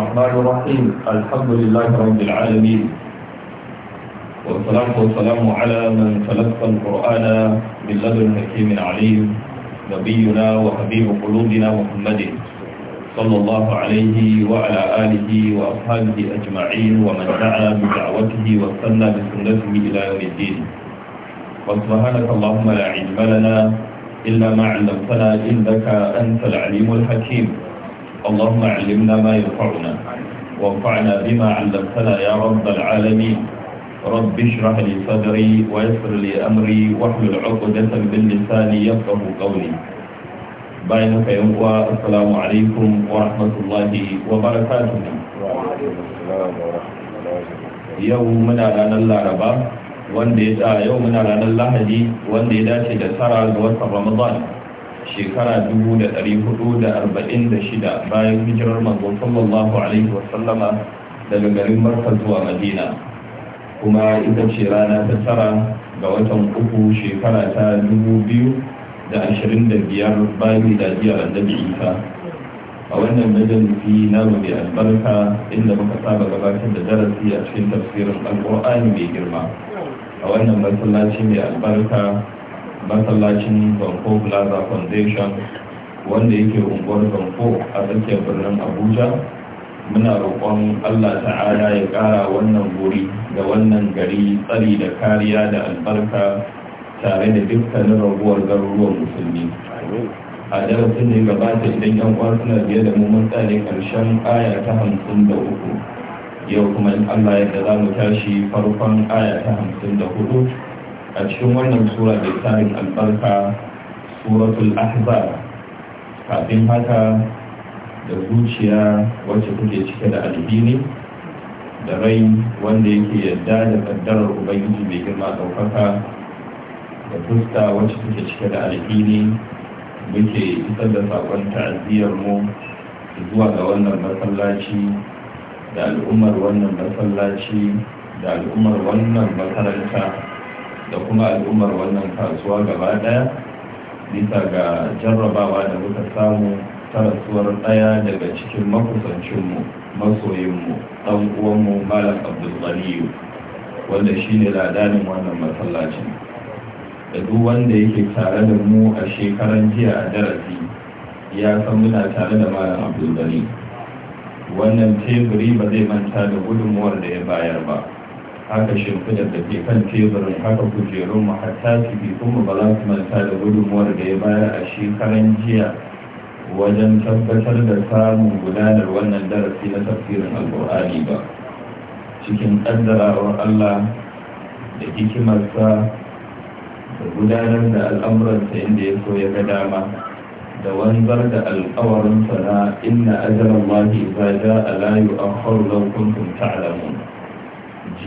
الرحمن الرحيم الحمد لله رب العالمين والصلاة والسلام على من تلقى القرآن من لدن حكيم عليم نبينا وحبيب قلوبنا محمد صلى الله عليه وعلى آله وأصحابه أجمعين ومن دعا بدعوته وسنى بسنته إلى يوم الدين وسبحانك اللهم لا علم لنا إلا ما علمتنا إنك أنت العليم الحكيم اللهم علمنا ما ينفعنا وانفعنا بما علمتنا يا رب العالمين رب اشرح لي صدري ويسر لي أمري واحلل عقدة من لساني يفقه قولي bayan haka yan uwa assalamu alaikum wa rahmatullahi wa barakatuh yau muna ranar laraba wanda ya yau muna ranar lahadi wanda ya dace da tara ga watan ramadan shekara shida bayan hijirar manzon sallallahu alaihi wasallama daga garin Makka zuwa Madina kuma ita ce rana ta tara ga watan uku shekara ta 2025 bayan miladiyar annabi Isa a wannan majalisi na mai albarka inda muka saba gabatar da darasi a cikin tafsirin alƙur'ani mai girma a wannan masallaci mai albarka masallacin banko plaza foundation wanda yake unguwar banko a tsakiyar birnin abuja muna roƙon allah ta'ala ya ƙara wannan guri da wannan gari tsari da kariya da albarka tare da dukkanin raguwar garuruwan musulmi a darasin da ya gabata idan yan uwa suna biye da mu mun tsare karshen aya ta hamsin da uku yau kuma in allah yadda za mu tashi farkon aya ta hamsin da hudu a cikin wannan sura da tarin albarka suratul ahzab kafin haka da zuciya wacce kuke cike da albini, da rai wanda yake yadda da kaddarar ubangiji mai girma ɗaukaka da fuska wacce kuke cike da alhini muke isar da saƙon ta'aziyar mu zuwa ga wannan masallaci da al'ummar wannan masallaci da al'ummar wannan makaranta da kuma al'ummar wannan kasuwa gaba daya bisa ga jarrabawa da muka samu ta rasuwar daya daga cikin makusancinmu masoyinmu ɗan uwanmu malam abdulganiyu wanda shi ne ladanin wannan masallacin da duk wanda yake tare da mu a shekaran jiya a darasi ya san muna tare da malam abdulganiyu wannan teburi ba zai manta da gudunmuwar da ya bayar ba haka shimfidar da ke kan teburin haka kujerun mu su bi kuma ba za su manta da gudunmuwar da ya bayar a shekaran jiya wajen tabbatar da samun gudanar wannan darasi na tafsirin alkur'ani ba cikin ƙaddarawar allah da hikimarsa da gudanar da al'amuransa inda ya so ya ga dama da wanzar da alkawarinsa na inna ajalan wahi za a layu a faru kuntun kuntum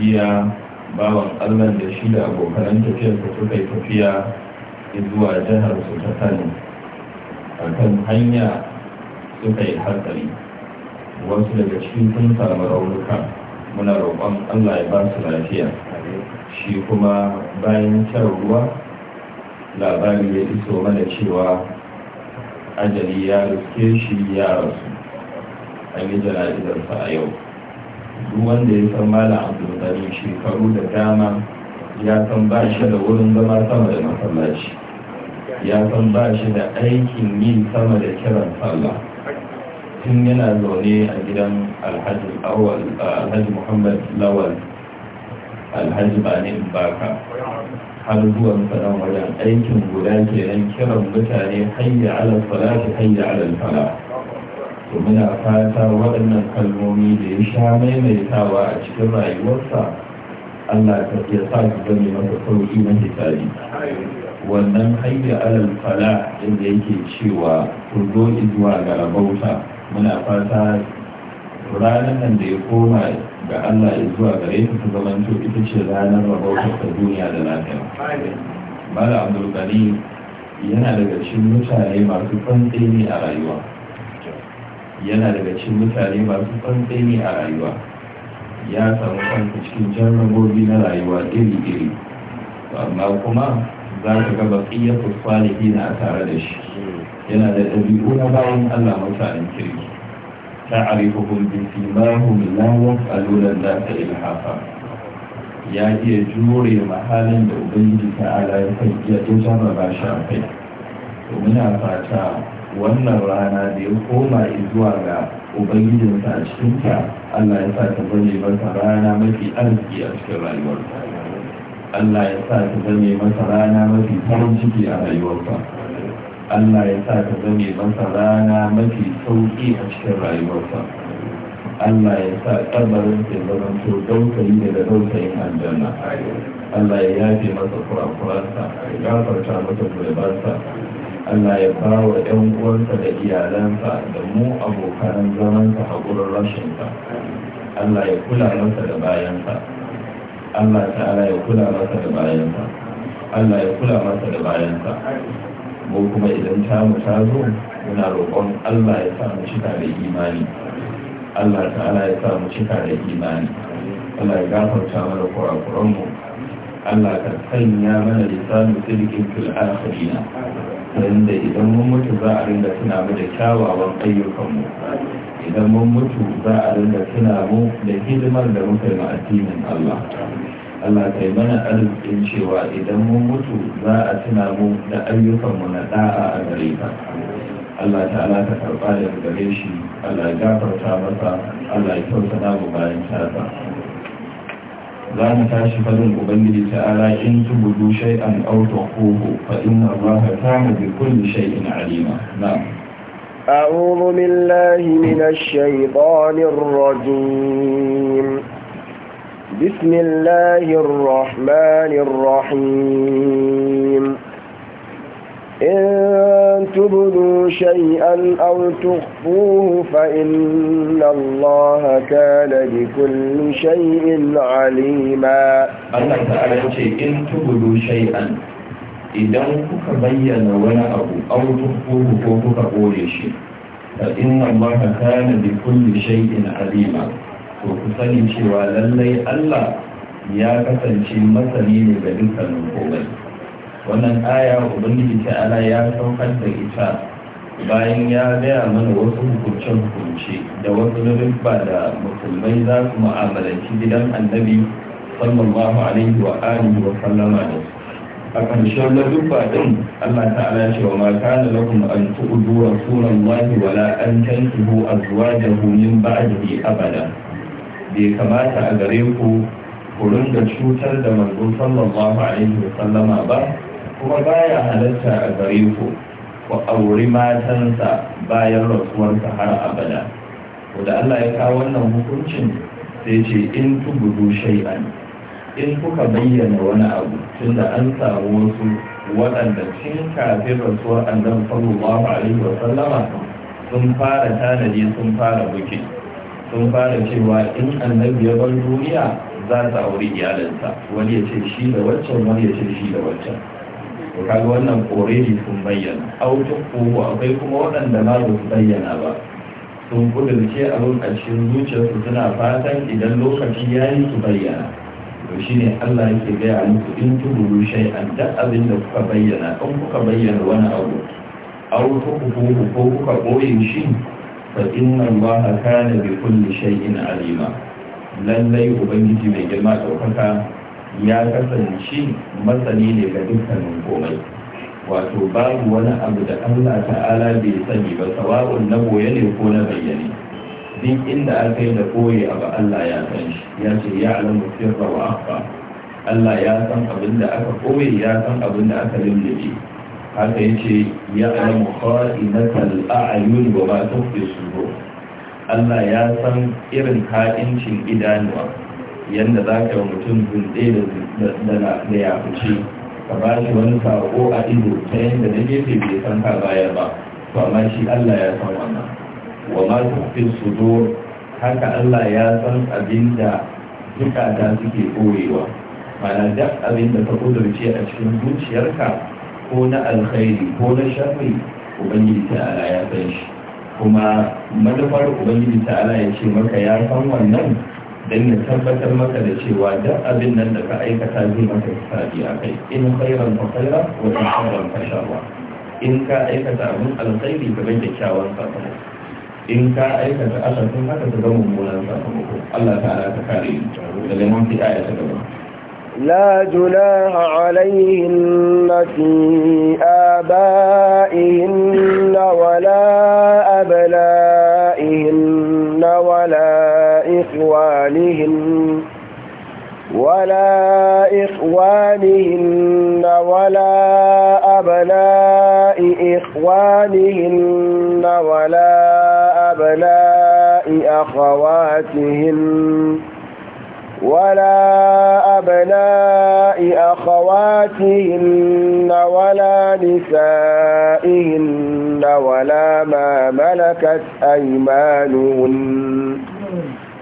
jiya bawan allah da shi da abokanan tafiyarsa suka yi tafiya zuwa jihar su ta sani a kan hanya suka yi hatsari wasu daga cikin sun samu raunuka muna roƙon allah ya ba su lafiya shi kuma bayan shan ruwa labari ya iso mana cewa ajali ya riske shi ya rasu an yi jana'izarsa a yau duk wanda ya san malam abdulkarim shekaru da dama ya san ba shi da wurin zama sama da masallaci ya san ba shi da aikin yi sama da kiran sallah tun yana zaune a gidan alhaji muhammad lawal alhaji bani baka har zuwan sanan wajen aikin guda kenan kiran mutane hayya ala salati hayya ala to muna fata waɗannan kalmomi da ya sha maimaitawa a cikin rayuwarsa Allah ta ke sa su zame masa sauƙi na hisabi wannan hayya alal fala inda yake cewa ku zo zuwa ga rabauta muna fata ranar nan da ya koma ga Allah ya zuwa gare ta ta ita ce ranar rabautar ta duniya da lafiya. Mala Abdul yana daga cikin mutane masu tsantseni a rayuwa. yana daga cikin mutane masu tsantseni a rayuwa ya samu kanka cikin jarrabobi na rayuwa iri-iri amma kuma za ka ga baƙiyar kwalifi a tare da shi yana da ɗabi'u na bayan allah mutanen kirki ta bi bisi mahu milawar alulan da ta ilhafa ya iya jure mahalin da ubangiji ta ala ya jarraba shi a kai domin a fata wannan rana da ya koma zuwa ga ubangijinsa a cikinta Allah ya sa ta zane masa rana mafi arziki a cikin rayuwarsa Allah ya sa ta zame masa rana mafi farin ciki a rayuwarsa Allah ya sa ta zame masa rana mafi sauki a cikin rayuwarsa Allah ya sa kabarin ta zama to dausayi daga dausayin aljanna Allah ya yafe masa kurakuransa ya farta masa zurbansa Allah ya ba wa ‘yan uwansa da iyalansa da mu abokan zamansa a gurin rashinsa Allah ya kula masa da bayansa Allah ta'ala ya kula masa da bayansa Allah ya kula masa da bayansa mu kuma idan tamu ta zo muna roƙon Allah ya sa mu cika da imani Allah ta'ala ya sa mu cika da imani Allah ya gafarta mana kurakuranmu Allah ka sanya mana lisanu sirkin fil akhirina yadda idan mun mutu za a rinda tuna mu da kyawawan ayyukanmu idan mun mutu za a rinda tuna mu da hidimar da muka yi addinin Allah Allah kai mana arzikin cewa idan mun mutu za a tuna mu da ayyukanmu na da'a a gare ka Allah ta'ala ta karɓa daga gare shi Allah ya gafarta masa Allah ya kyauta mu bayan tasa لان تاشي فضل أبنجي تعالى إن تبدو شيئا أو تخفوه فإن الله كان بكل شيء عليما نعم أعوذ بالله من الشيطان الرجيم بسم الله الرحمن الرحيم إن تبدوا شيئا أو تخفوه فإن الله كان بكل شيء عليما الله تعالى إن تبدوا شيئا idan kuka bayyana wani abu aw tukhfuhu ko kuka ɓoye shi fa inna allaha kana bi kulli shay'in alima to ku sani cewa lallai Allah ya kasance masani ne ga dukkanin komai wannan aya ubangiji ta'ala ya saukar da ita bayan ya gaya mana wasu hukunce-hukunce da wasu rubba da musulmai za su mu'amalanci gidan annabi sallallahu alaihi wa alihi wa sallama da su. a ƙarshen rubba din Allah ta'ala ce wa ma kana lakum an sunan rasulullahi wala an a zuwa da tankihu azwajahu min ba'dihi abada bai kamata a gare ku ku ringa cutar da manzon sallallahu alaihi wa sallama ba kuma baya halarta a gare ku ku auri matansa bayan rasuwarsa har abada da Allah ya kawo wannan hukuncin sai ce in tubudu shay'an in kuka bayyana wani abu tunda an samu wasu waɗanda cin kafin rasuwar annabi sallallahu alaihi wa sallama sun fara tanadi sun fara buki sun fara cewa in annabi ya bar duniya za ta auri iyalinsa wani ya ce shi da waccan wani ya ce shi da waccan to kaga wannan already sun bayyana auto ko akwai kuma waɗanda ba su bayyana ba sun kudurce abin a cikin zuciyarsu suna fatan idan lokaci ya yi su bayyana to ne Allah yake gaya muku in shai shay'an duk abin da kuka bayyana in kuka bayyana wani abu auto ko ko kuka boye shi fa inna Allah kana bi kulli shay'in alima lallai ubangiji mai girma ɗaukaka ya kasance masani ne ga dukkanin komai wato babu wani abu da Allah ta'ala bai sani ba sawa'un na boye ne ko na bayyane duk inda aka yi da koye abu Allah ya san shi ya ce ya alamu sirra wa akhfa Allah ya san abin da aka koye ya san abin da aka lullube haka ya ce ya alamu na kha'inatal a'yun wa ma tukhfi sudur Allah ya san irin ka'incin idanuwa yadda za ka yi mutum zunɗe da ya fice ka ba shi wani sako a ido ta yadda na gefe bai san ka bayar ba to amma shi Allah ya san wannan wa ma su zo haka Allah ya san abin da zukata suke koyewa mana duk abin da ka kudurce a cikin zuciyarka ko na alkhairi ko na sharri ubangiji ta'ala ya san shi kuma madafar ubangiji ta'ala ya ce maka ya san wannan don ya tabbatar maka da cewa duk abin nan da ka aikata zai maka hisabi a kai in khairan fa khaira wa in sharran in ka aikata abin alkhairi ka bai kyakkyawan sakamako in ka aikata akasin haka ka ga mummunan sakamako Allah ta'ala ta kare da lemon fi aya ta gaba لا جناح عليهن في آبائهن ولا أبنائهن ولا إخوانهن ولا إخوانهن ولا أبناء إخوانهن ولا أبناء أخواتهن ولا أبناء أخواتهن ولا نسائهن ولا ما ملكت أيمانهن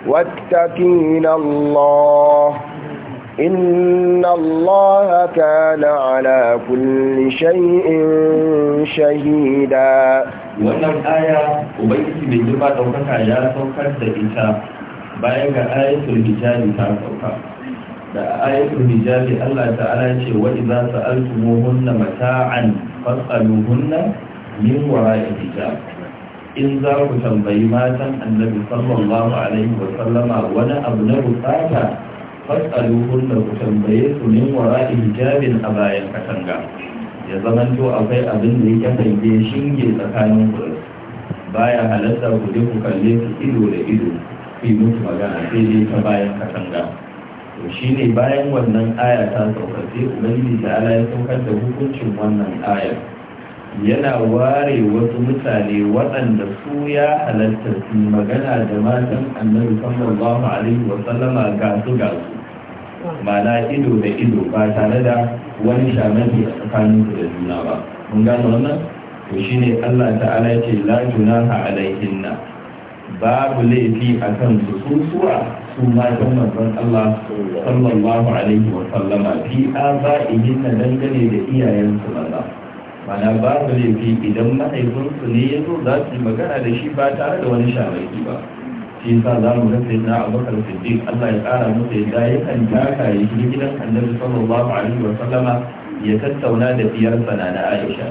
واتقين الله إن الله كان على كل شيء شهيدا wannan aya ubangiji bai girma ɗaukaka ya saukar da ita bayan ga ayatul hijabi ta sauka da ayatul hijabi Allah ta'ala ce wa idza sa'altumuhunna mata'an fas'aluhunna min wara'i hijab in za ku tambayi matan annabi sallallahu alaihi wa sallama wani abu na bukata fasalu da ku tambaye su min wara hijabin a bayan katanga ya zamanto akwai abin da yake hange shinge tsakanin ku baya halatta ku je ku kalle su ido da ido ku yi musu magana sai dai ta bayan katanga to shine bayan wannan aya ta sauka sai ubangiji ta ala ya saukar da hukuncin wannan ayar yana ware wasu mutane waɗanda su ya halatta su magana da matan annabi sallallahu alaihi wa sallama ga su ga su mana ido da ido ba tare da wani shamaki a tsakanin su da juna ba mun gano wannan to shine Allah ta'ala ce la junaha alaihinna babu laifi a kan su su suwa su matan manzon Allah sallallahu alaihi wa sallama fi azaihinna dangane da iyayensu maza mana babu laifi idan mahaifinsu ne ya zo za su yi magana da shi ba tare da wani shawarki ba shi yasa za mu rasa a bakar siddiq allah ya kara musu yadda ya kan taka ya shi gidan annabi sallallahu alaihi wa sallama ya tattauna da iyarsa na na aisha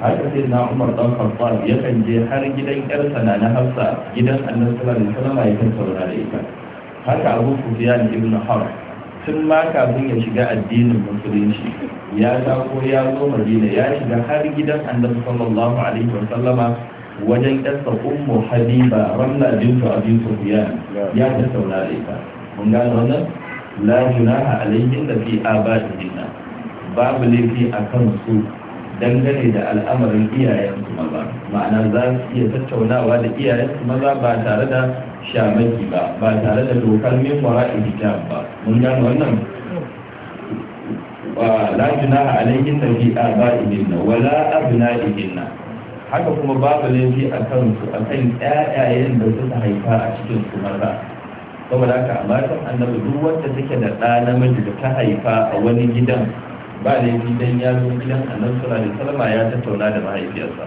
haka sai na umar dan khattab ya kan je har gidan yar na na hafsa gidan annabi sallallahu alaihi wa sallama ya tattauna da ita haka abu sufyan ibn harb tun ma kafin ya shiga addinin musulunci ya tako ya zo madina ya shiga har gidan annabi sallallahu alaihi wa sallama wajen ƙasa ummu habiba ramla bintu abi sufyan ya tattauna da ita mun gane wannan la junaha alaihim da fi abadina babu laifi akan su dangane da al'amarin iyayensu maza ma'ana za su iya tattaunawa da iyayensu maza ba tare da shamaki ba ba tare da dokar min wara hijab ba mun gano wannan ba la junaha alayhin da aba'ihinna wala abna'ihinna haka kuma babu laifi a su a kan ƴaƴayen da suka haifa a cikin su maza saboda haka a matan annabi duk wanda take da ɗa namiji da ta haifa a wani gidan ba laifi dan ya zo gidan annabi sallallahu alaihi wasallam ya tattauna da mahaifiyarsa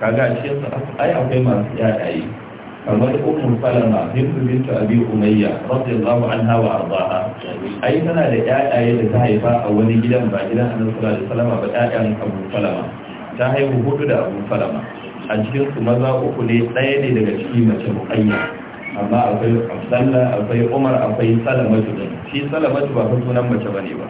kaga a cikin su ai akwai masu ƴaƴaye kamar ummu salama hindu bintu abi umayya radiyallahu anha wa ardaha ai tana da 'ya'yaye da ta haifa a wani gidan ba gidan annabi sallallahu alaihi wasallam ba 'ya'yan abu falama. ta haihu hudu da abu falama. a cikin su maza uku ne ɗaya ne daga ciki mace muayya amma akwai abdalla akwai umar akwai salamatu ne shi salamatu ba fa sunan mace bane ba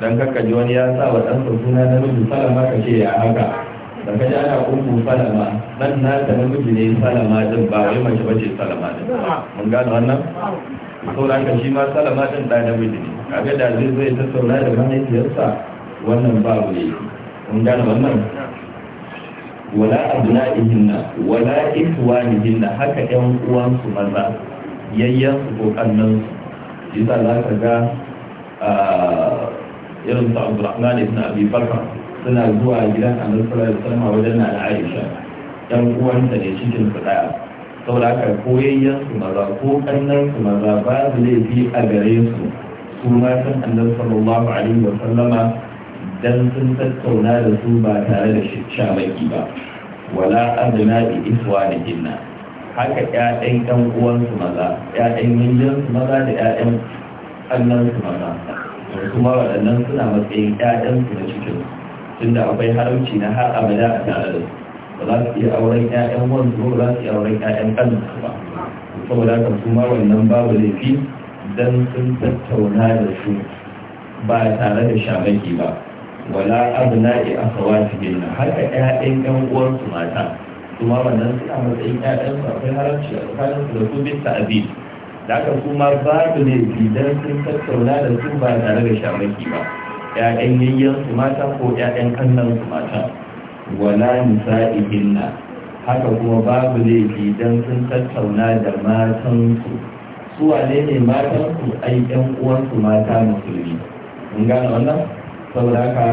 dan kakka ji wani ya sa wa ɗansa suna namiji salama kace ya haka baka ji ana kunku salama nan na ta namiji ne salama din ba wai mace bace salama din mun gano wannan da ka shi ma salama din da namiji ne kaga da zai zai ta saura da mahaifiyarsa wannan babu ne mun gano wannan wala abna'ihinna wala ikhwanihinna haka yan su maza yayyan su ko su yasa za ka ga ah, irin su Abdulrahman ibn Abi Bakr suna zuwa gidan annabi da alaihi wajen na da Aisha dan uwanta ne cikin su daya saboda haka koyayyen su maza ko kannan su maza babu laifi a gare su su ma san annabi sallallahu alaihi wasallam dan sun tattauna da su ba tare da shamaki ba wala adna bi iswanihinna haka ƴaƴan ƴan uwansu maza ƴaƴan mijinsu maza da ƴaƴan kannansu maza kuma waɗannan suna matsayin ƴaƴansu na cikinsu tunda akwai haramci na har abada a tare da ba za su iya auren ƴaƴan wanzu ba za su iya auren ƴaƴan kanin su ba saboda haka su ma wannan babu laifi dan sun tattauna da su ba tare da shamaki ba wala abna'i akhawatihim haka ƴaƴan ƴan su mata kuma wannan suna matsayin ƴaƴan su akwai haramci a tsakanin su da su bin ta'abi da haka kuma babu laifi dan sun tattauna da su ba tare da shamaki ba ‘ya'yan yayyansu mata ko ‘ya'yan kannansu mata wala nisa'ihinna haka kuma babu laifi don sun tattauna da matansu su wane ne matansu ai ‘yan uwansu mata musulmi mun gane wannan saboda haka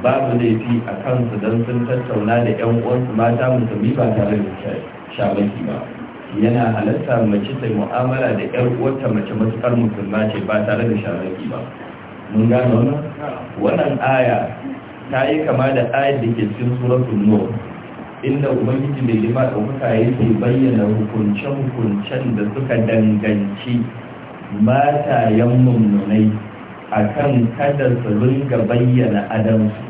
babu laifi a kansu don sun tattauna da ‘yan uwansu mata musulmi ba tare da shabaki ba yana halatta mace ta mu'amala da 'yar uwarta mace matuƙar musulma ce ba tare da sharaki ba mun gano wannan wannan aya ta yi kama da ayar da ke cikin suratun nur inda ubangiji mai lima ɗaukaka ke bayyana hukunce-hukuncen da suka danganci matayen mummunai a kan kada su ringa bayyana adansu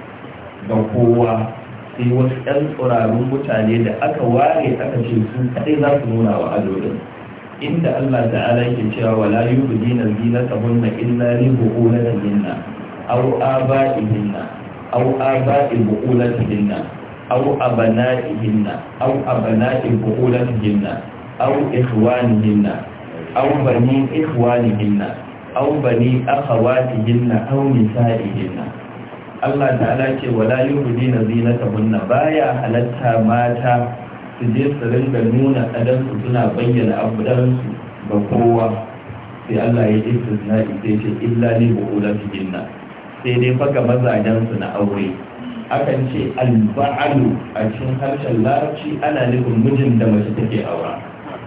ga kowa sai wasu 'yan tsirarun mutane da aka ware aka ce su kadai za su nuna wa adodin inda Allah ta'ala yake cewa wala yubdina zinatahunna illa li bu'ulatihinna aw aba'ihinna aw aba'i bu'ulatihinna aw abana'ihinna aw abana'i bu'ulatihinna aw ikhwanihinna aw bani ikhwanihinna aw bani akhawatihinna aw nisa'ihinna Allah ta'ala ce wala yubdina zinatahunna baya halatta mata su je su ringa nuna kadansu suna bayyana abudansu ga kowa sai Allah ya yi istisna ita ce illa ne bu'ula su jinna sai dai faga mazajensu na aure akan ce alba'alu a cikin harshen larabci ana nufin mijin da mace take aura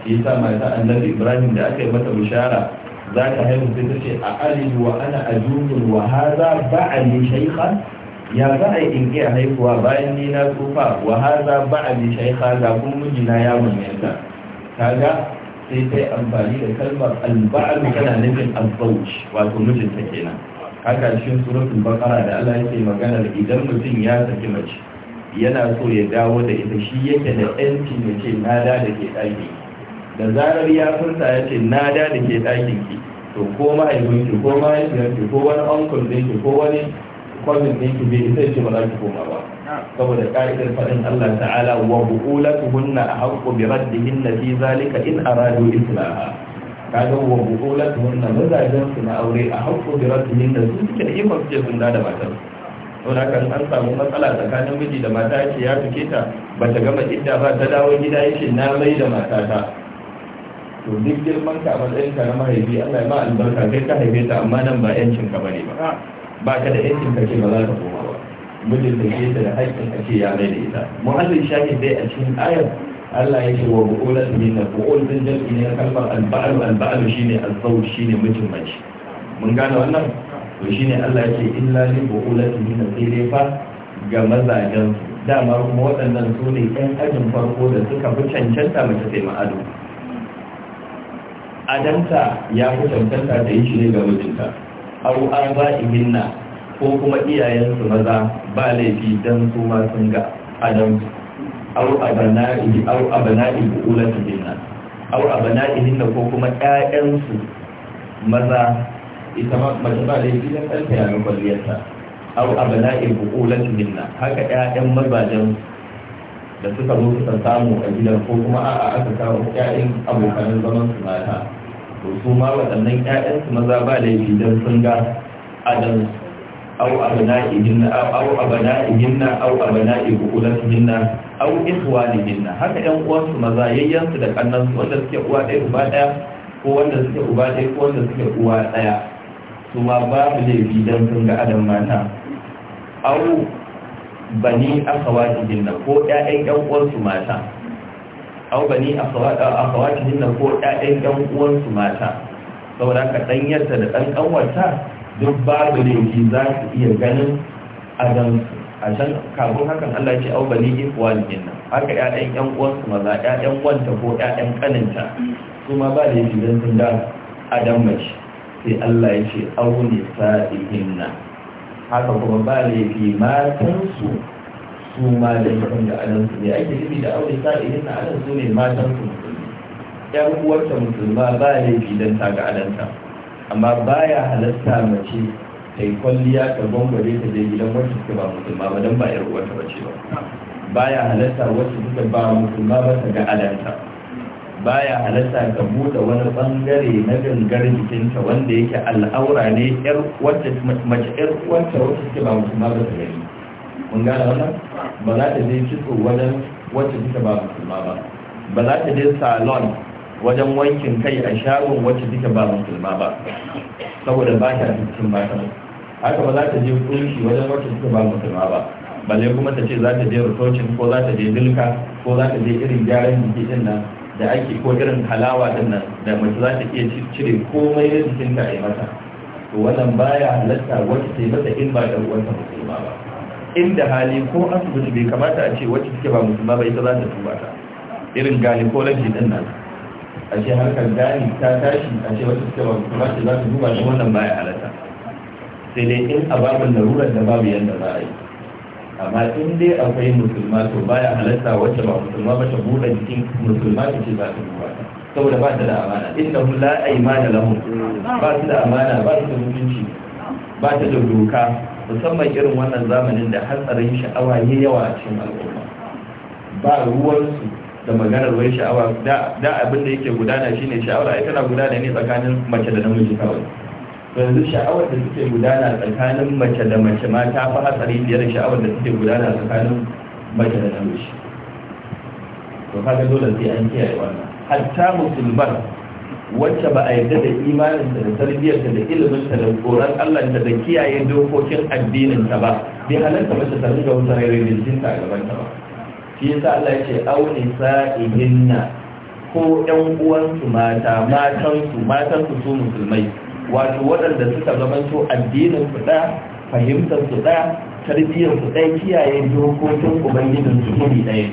shi yasa mata annabi ibrahim da aka yi mata bishara za ta haihu sai ta ce a alihi wa ana ajuzun wa haza ba'ali shaykhan ya za a yi in iya haihuwa bayan ni na tsufa wa haza ba a bi shai haza kuma mijina ya ta kaga sai ta yi amfani da kalmar alba'adu tana nufin azzauj wato mijinta kenan haka shi suratul bakara da Allah ya ke magana idan mutum ya saki mace yana so ya dawo da ita shi yake da yanci ya ce nada da ke ɗaki da zarar ya furta ya ce nada da ke ɗakin ki to ko ma'aikunki ko ma'aikunki ko wani ankon ɗinki ko wani kwazin da yake bai sai ce ba za ki koma ba saboda ka'idar faɗin Allah ta'ala wa bu'ulatuhunna ahqqu bi raddihinna fi zalika in aradu islaha kaga wa bu'ulatuhunna mazajen su na aure a haƙƙo bi raddihinna su suke da ikon su je sun da matar don haka an samu matsala tsakanin miji da mata yake ya fike ta ba ta gama idda ba ta dawo gida yake na mai da matata to duk girman ka a matsayin ka na mahaifi Allah ya ma albarka kai ka haife ta amma nan ba yancin ka bane ba ba ka da yankin kake ba za ka koma ba mijin da ke da haƙƙin kake ya mai da ita muhallin shakin dai a cikin ayar Allah ya ce wa bu'ulat min da bu'ul din jalbi ne kalmar alba'al alba'al shine azzauj shine mijin mace mun gane wannan to shine Allah ya ce illa li bu'ulat min da sai dai fa ga mazajen dama kuma waɗannan su ne ɗan ajin farko da suka fi cancanta mace sai ma'ado adanta ya fi cancanta da yi shi ne ga mijinta aw aba'ihinna ko kuma iyayensu maza ba laifi dan su ma sun ga adam aw ula su abana'i ulatihinna abana abana'ihinna ko kuma ƴaƴansu maza ita ma mace ba laifi dan karfe yayin kwalliyarta ula su ulatihinna haka ƴaƴan mazajen da suka zo suka samu a gidan ko kuma a'a aka samu ƴaƴan abokan zaman su mata to su ma waɗannan ƴaƴansu maza ba laifi don sun ga adam au abana abana'ihinna au abana'ihinna au abana'i bukulatihinna au ihwalihinna haka ƴan uwansu maza yayyansu da kannansu wanda suke uwa ɗaya uba ɗaya ko wanda suke uba ɗaya ko wanda suke uwa ɗaya su ma ba babu laifi don sun ga adam mata au bani akawatihinna ko ƴaƴan ƴan uwansu mata aw bani akhawatihin na ko ƴaƴan ƴan uwansu mata saboda ka ɗanyarta da ɗan ƙanwarta duk babu laifi za su iya ganin adam a can kafin hakan Allah ce aw bani ikhwanihin nan haka ƴaƴan ƴan uwansu maza ƴaƴan wanta ko ƴaƴan ƙaninta su ma ba laifi don sun da adam mace sai Allah ya ce au sa'ihin nan haka kuma ba laifi matansu su ma da mutum da anan su ne ake nufi da aure sa idan na anan su ne matan su yan uwarta musulma ba ya yi ta ga alanta amma ba ya halatta mace ta yi kwalliya ta gwangware ta je gidan wacce suka ba musulma ba don ba yar uwarta ba ce ba ya halatta wacce suka ba musulma ba ta ga ba ya halatta ka buɗe wani ɓangare na gangar jikinta wanda yake al'aura ne yar wacce mace yar uwarta wacce suka ba musulma ba ta gani mun gane wannan ba za ta je kitso wajen wacce take ba musulma ba ba za ta je salon wajen wankin kai a shagon wacce take ba musulma ba saboda ba ta cikin mata haka ba za ta je kunshi wajen wacce take ba musulma ba balle kuma ta ce za ta je rutocin ko za ta je dilka ko za ta je irin gyaran jiki din nan da ake ko irin halawa din nan da mace za ta iya cire komai da jikinta a yi mata to wannan baya halatta wacce ta yi mata in ba da uwarta musulma ba inda hali ko asibiti bai kamata a ce wacce suke ba musulma ba ita za ta tuba ta irin gani ko lafi din nan a ce harkar gani ta tashi a ce wacce suke ba musulma ce za ta tuba ta wannan baya halatta sai dai in a babin larurar da babu yadda za a yi amma in dai akwai musulma to baya halatta wacce ba musulma ba ta buɗe jikin musulma ta ce za ta tuba ta saboda ba ta da amana inda mu ma da lahum ba su da amana ba su da mutunci ba ta da doka musamman irin wannan zamanin da hatsarin sha'awa ya yawa a cikin al'umma ba ruwansu da maganar wai sha'awa da abin da yake gudana shine sha'awar ai tana gudana ne tsakanin mace da namiji kawai yanzu sha'awar da suke gudana tsakanin mace da mace ma ta fi hatsari biyar da sha'awar da suke gudana tsakanin mace da namiji to kaga dole sai an kiyaye wannan hatta musulman wacce ba a yadda da imaninta da tarbiyyar da iliminta da tsoron Allah da kiyaye dokokin addininta ba bi halarta mace ta rinka wata rayuwar da jinta a gabanta ba shi yasa Allah ya ce auni sa'ihinna ko ƴan uwansu mata matansu matan su musulmai wato waɗanda suka zamanto addinin su da fahimtar su da tarbiyyar su da kiyaye dokokin ubangijin su ne ɗaya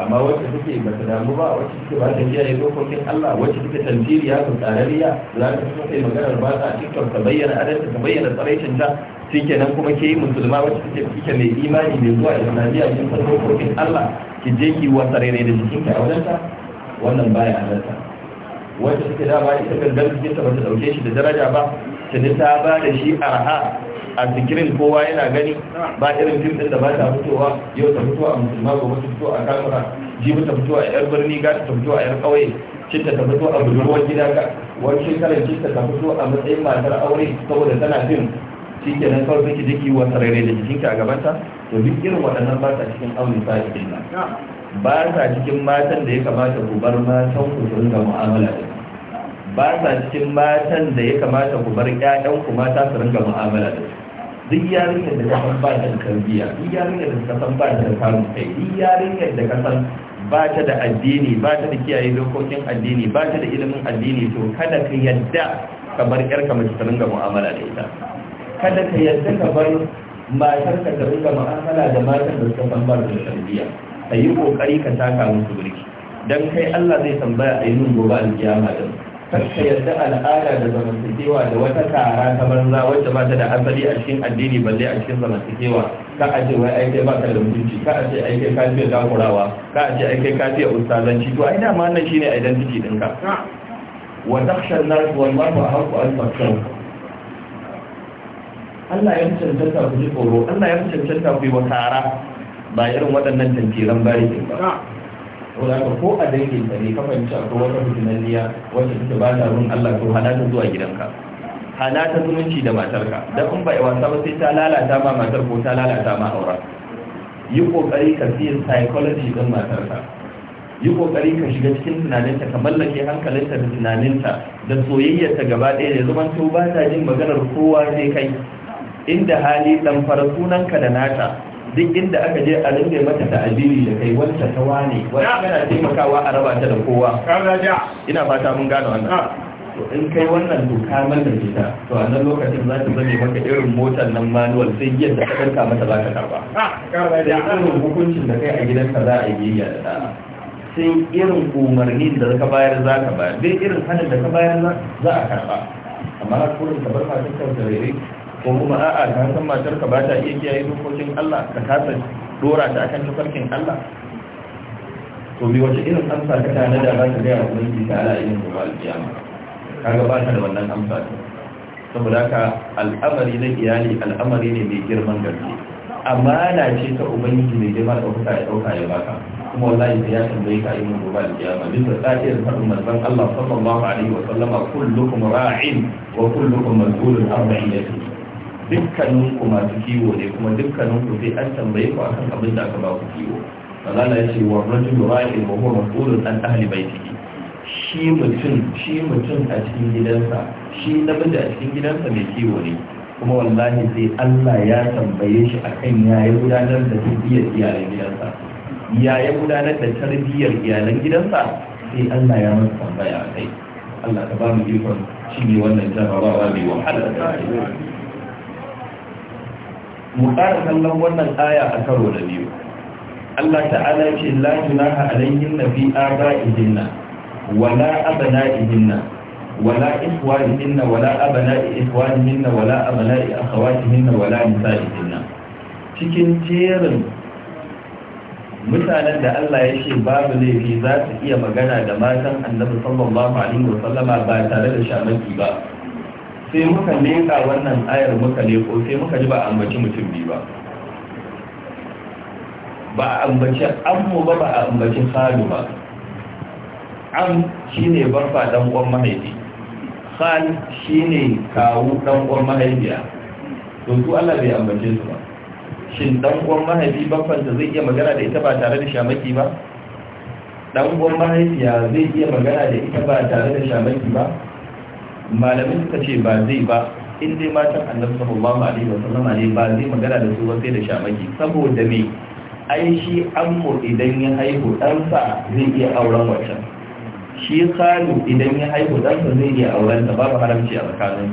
amma wacce take ba ta damu ba wacce take ba ta kiyaye dokokin Allah wacce take tantiriya ko tsarariya za ta fito kai maganar ba ta tiktok ta bayyana adalci ta bayyana tsaraicin ta nan kuma ke yi musulma wacce take kike mai imani mai zuwa islamiyya kin san dokokin Allah ki je ki wa tsarere da jikin ki a wajen ta wannan baya halarta wacce take da ba ita gangar jikin ta ba ta dauke shi da daraja ba tuni ta ba da shi arha a zikirin kowa yana gani ba irin fim din da ba ta fitowa yau ta fito a musulma gobe ta fito a kamara jibi ta fito a yar birni ga ta fito a yar ƙauye cinta ta fito a budurwar gida ga wani shekarar cinta ta fito a matsayin matar aure saboda tana fim shi ke nan kawai kake jiki wa sarare da jikinka a gabanta to duk irin waɗannan ba sa cikin aure ba cikin nan ba sa cikin matan da ya kamata ku bar matan ku su ringa mu'amala da ba sa cikin matan da ya kamata ku bar 'ya'yanku mata su ringa mu'amala da su duk yarinyar da kasan ba ta da tarbiyya duk yarinyar da kasan ba ta da kamun kai duk yarinyar da kasan ba ta da addini ba ta da kiyaye dokokin addini ba ta da ilimin addini to kada ka yadda ka bar yarka mace ta ringa mu'amala da ita kada ka yadda ka bar matar ka ta ringa mu'amala da matar da suka san ba ta da tarbiyya ka yi kokari ka taka musu birki dan kai Allah zai tambaya a yi nun gobe alkiyama da su karka yadda al'ada da zamantakewa da wata tara ta banza wacce ba ta da asali a cikin addini balle a cikin zamantakewa ka a ce wai aike ba ka da mutunci ka a ce aike ka fiye takurawa ka a ce aike ka fiye ustazanci to ai dama wannan shine identity ɗinka wa takhsha an-nas wallahu ahqqu an takhshahu Allah ya cancanta ku ji tsoro Allah ya cancanta ku yi wa tara ba irin waɗannan tantiran bari ba ko ko a dangin ka ne ka fahimci akwai wata fitinanniya wacce suka ba ta ruwan Allah ko hana ta zuwa gidanka hana ta zumunci da matarka da in ba wasa ba sai ta lalata ma matar ko ta lalata ma aura yi kokari ka siya psychology din matarka yi kokari ka shiga cikin tunaninta ka mallake hankalinta da tunaninta da soyayyarta gaba ɗaya da zaman to ba ta jin maganar kowa sai kai inda hali dan fara sunanka da nata duk inda aka je a dinga mata ta'abiri da kai wanda ta wane wanda kana taimakawa a raba ta da kowa ina fata mun gano wannan ah. to in kai wannan doka mallan ita to a nan lokacin za ta zame maka irin motar nan manual sai da ta karka mata za ka karba ah, sai irin hukuncin da kai a ka za a yi ya da sai irin umarnin da ka bayar za ka bayar dai irin hannun da ka bayar za a karba amma kurin ka bar ma dukkan sarere ko kuma a'a ka san matar ka ba ta iya kiyaye dokokin Allah ka kasa dora ta akan dokokin Allah to bi wace irin amsa ka tana da ba ka ga ji ta ala irin gobe alkiyama kaga ba ta da wannan amsa saboda ka al'amari na iyali al'amari ne mai girman gaske amana ce ta ubangiji mai girma da kuka ya ɗauka ya baka kuma wallahi sai ya tambaye ka irin gobe alkiyama ta tsarin faɗin manzon Allah sallallahu alaihi wa sallama kullukum ra'in wa kullukum mas'ulun an ra'iyatihi dukkanin ku masu kiwo ne kuma dukkanin ku sai an tambaye ku akan abin da aka ba ku kiwo Allah ya ce wa rajul ra'in wa huwa mas'ulun an ahli baitihi shi mutum shi mutum a cikin gidansa shi namiji a cikin gidansa mai kiwo ne kuma wallahi sai Allah ya tambaye shi akan yayi gudanar da tarbiyyar iyalan gidansa yayi gudanar da tarbiyyar iyalan gidansa sai Allah ya masa tambaya kai Allah ta ba mu ikon shi ne wannan jarabawa mai wahala da mu ƙara kallon wannan aya a karo da biyu Allah ta'ala ce la junaha alayhin na fi aba'idinna wala abana'ihinna wala ikhwanihinna wala abana'i ikhwanihinna wala abana'i akhawatihinna wala nisa'ihinna cikin jerin mutanen da Allah ya ce babu laifi za su iya magana da matan annabi sallallahu alaihi Sallama ba tare da shamaki ba sai muka leƙa wannan ayar muka leƙo sai muka ji ba a ambaci mutum biyu ba ba a ambaci ammu ba ba a ambaci khalu ba am shine barfa ɗan ƙwan mahaifi khal shine kawu ɗan ƙwan mahaifiya to su Allah bai ambace su ba shin ɗan ƙwan mahaifi bafanta zai iya magana da ita ba tare da shamaki ba ɗan ƙwan mahaifiya zai iya magana da ita ba tare da shamaki ba malamin suka ce ba zai ba in dai matan annabi sallallahu alaihi wa sallam ne ba zai magana da su ba sai da shamaki saboda me ai shi ammo idan ya haihu sa zai iya auren wancan shi kanu idan ya haihu sa zai iya auren ta babu haramci a tsakanin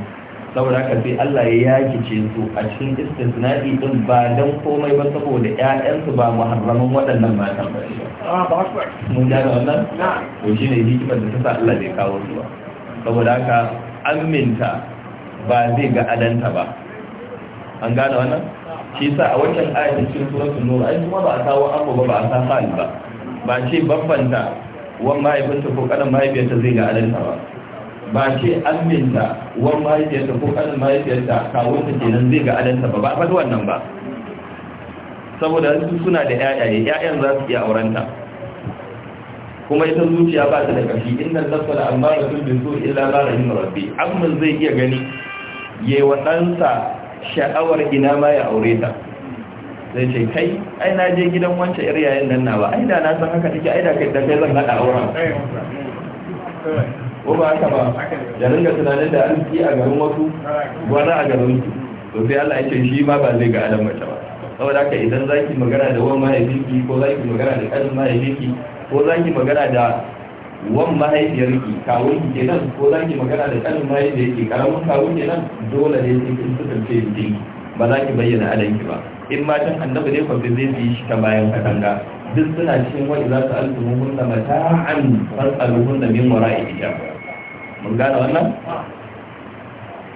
saboda haka sai Allah ya ce su a cikin istisna'i din ba dan komai ba saboda su ba muharraman waɗannan matan ah, ba mun gane wannan ko shine ba da ta sa Allah bai kawo su ba saboda haka amminta ba zai ga adanta ba an gane wannan shi sa a wancan ayatin cikin suratul nur ai kuma ba a kawo abu ba ba a san hali ba ba ce babbanta wan mahaifinta ko kanin mahaifiyarta zai ga adanta ba ba ce amminta wan mahaifiyarta ko kanin mahaifiyarta kawunta kenan zai ga adanta ba ba a wannan ba saboda su suna da ƴaƴaye ƴaƴan za su iya aurenta kuma ita zuciya ba ta da ƙarfi inda nafsa da amma da sun bin so illa ba rahim rabbi amman zai iya gani ya wa ɗansa sha'awar ina ma ya aure ta zai ce kai ai na je gidan wancan yar yayin nan ba. ai da na san haka take ai da kai da kai zan haɗa auren ko ba haka ba da ringa tunanin da fi a garin wasu gwana a garin su to sai Allah ya ce shi ma ba zai ga adam mace ba saboda haka idan zaki magana da wani mahaifinki ko zaki magana da ƙarin mahaifinki ko za ki magana da wan mahaifiyar ki kawun ki kenan ko za ki magana da kanin mahaifiyar ki karamin kawun kenan dole ne sai kin ce ki ba za ki bayyana adanki ba in ma matan annabi ne kwafi zai yi shi ta bayan katanga duk suna cikin wani za su mun hunna mata'an fasalin hunna min wara'i iya mun gane wannan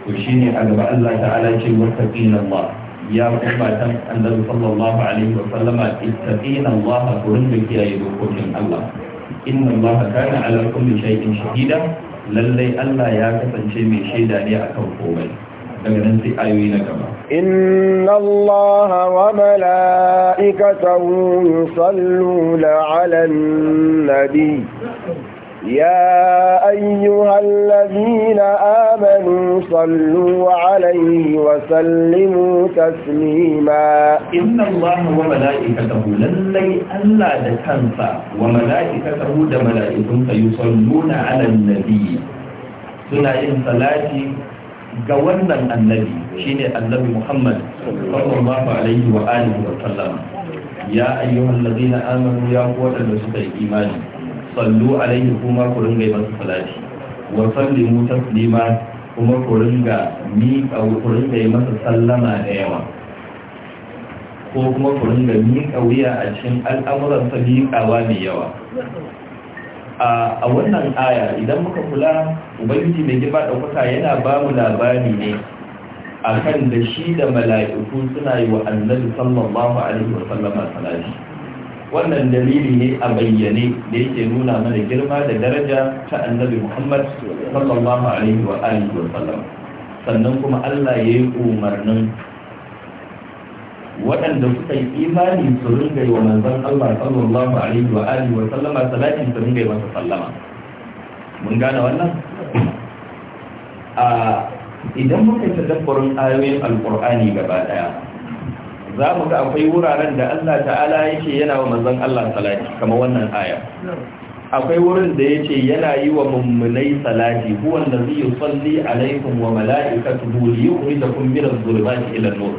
to shine a gaba Allah ta'ala ce wa taqina Allah ya kuma annabi sallallahu alaihi wa sallama ittaqina Allah kurin da kiyaye dokokin Allah inna Allah kana ala kulli shay'in shahida lallai Allah ya kasance mai shaida ne akan komai daga nan sai ayoyi na gaba inna Allah wa mala'ikatahu yusalluna 'alan nabiy يا أيها الذين آمنوا صلوا عليه وسلموا تسليما إن الله وملائكته للي ألا تنفى وملائكته لملائكته يصلون على النبي سنة صلاة جوانا النبي شين النبي محمد صلى الله عليه وآله وسلم يا أيها الذين آمنوا يا قوة لسكي إيماني sallu alaihi kuma ku ringa yi masa salati wa sallimu taslima kuma ku ringa miƙa ku ringa masa sallama da yawa ko kuma ku ringa mi kauya a cikin al'amuran sa miƙawa mai yawa a wannan aya idan muka kula ubangiji mai da kuka yana ba mu labari ne akan da shi da mala'iku suna yi wa annabi sallallahu alaihi wa sallama salati wannan dalili ne a bayyane da yake nuna mana girma da daraja ta annabi muhammad sallallahu alaihi wa alihi wa sallam sannan kuma allah ya yi umarnin waɗanda suka yi imani su ringa wa manzon allah sallallahu alaihi wa alihi wa sallama salatin su ringa masa sallama mun gane wannan a idan muka yi tadabbarin ayoyin alkur'ani gaba ɗaya za mu ga akwai wuraren da Allah ta'ala yake yana wa manzon Allah salati kamar wannan aya akwai wurin da yake yana yi wa mummunai salati huwa allazi yusalli alaikum wa malaikatuhu liyukhrijakum min adh-dhulumati ila an-nur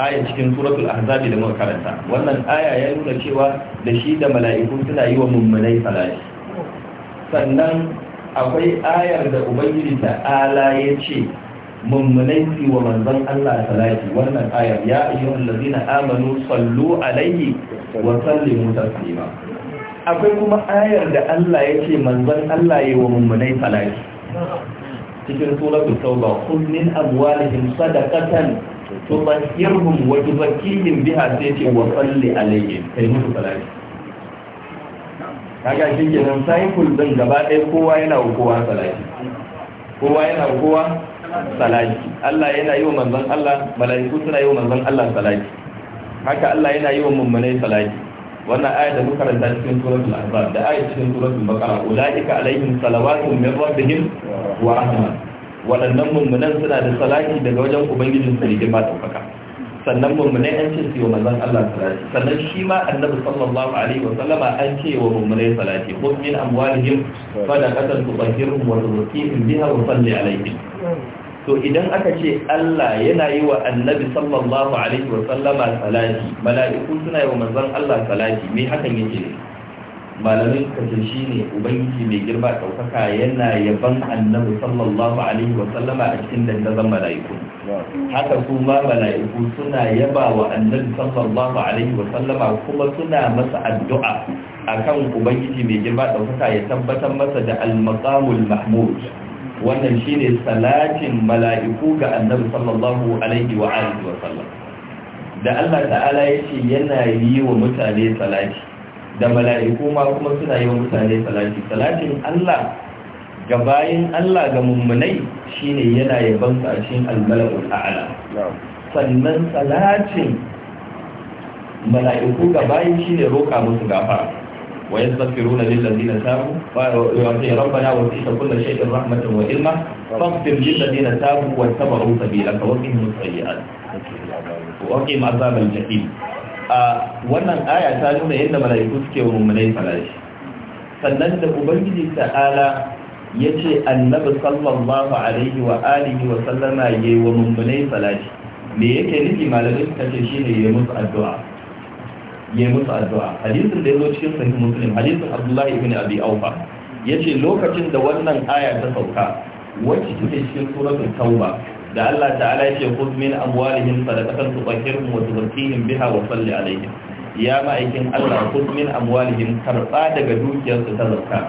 aya cikin suratul ahzab da muka karanta wannan aya ya nuna cewa da shi da mala'iku suna yi wa mummunai salati sannan akwai ayar da ubangiji ta'ala ya ce mummunai wa manzon Allah salati wannan ayar ya ayyuhal ladina amanu sallu alaihi wa sallimu taslima akwai kuma ayar da Allah yake manzon Allah yayi wa mummunai salati cikin suratul tauba qul min amwalihim sadaqatan tutahhirhum wa tuzakkihim biha sai ce wa salli alaihim kai musu salati kaga shi kenan cycle din gaba ɗaya kowa yana kowa salati kowa yana kowa salati Allah yana yi wa manzon Allah mala'iku suna yi wa manzon Allah salati haka Allah yana yi wa mummunai salati wannan aya da muka karanta cikin suratul ahzab da aya cikin suratul baqara ulaika alaihim salawatun min rabbihim wa rahmah waɗannan mummunan suna da salati daga wajen ubangijin su rigin ba ɗaukaka sannan mummunai an ce su yi wa manzon Allah salati sannan shi ma annabi sallallahu alaihi wa sallama an ce wa mummunai salati khudh min amwalihim sadaqatan tutahhiruhum wa tuzakkihim biha wa salli alaihim to idan aka ce Allah yana yi wa annabi sallallahu alaihi wa sallama salati mala'iku suna yi wa manzon Allah salati me hakan yake malamin kace shine ubangiji mai girma daukaka yana yaban annabi sallallahu alaihi wa sallama a cikin dandazon mala'iku haka kuma mala'iku suna yaba wa annabi sallallahu alaihi wa sallama kuma suna masa addu'a akan ubangiji mai girma daukaka ya tabbatar masa da al-maqamul mahmud wannan shine salatin mala'iku ga annabi sallallahu alaihi wa alihi wa sallam da Allah ta'ala ya ce yana yi wa mutane salati da mala'iku ma kuma suna yi wa mutane salati salatin Allah ga bayin Allah ga mummunai shine yana yaban sa cikin al-mala'ul sannan salatin mala'iku ga bayin shine roƙa musu gafara ويستغفرون للذين تابوا ويعطي ربنا وفيك كل شيء رحمة وإلمة فاغفر للذين تابوا واتبعوا سبيلك وقهم السيئات وقهم عذاب الجحيم wannan aya ta nuna yadda mala'iku suke wa mummunai falashi sannan da ubangiji ta'ala ya ce annabi sallallahu alaihi wa alihi wa sallama ya yi wa mummunai falashi me yake nufi malamin ta ce shi ne ya musu addu'a Yi musu addu'a hadisin da ya zo cikin sahih muslim hadisin abdullahi ibn abi aufa ce, lokacin da wannan aya ta sauka wacce take cikin suratul tauba da Allah ta'ala yace khudh min amwalihim sadaqatan tutahhiruhum wa tuzakkihim biha wa salli alaihim ya ma'aikin Allah khudh min amwalihim karba daga dukiyarsu ta zakka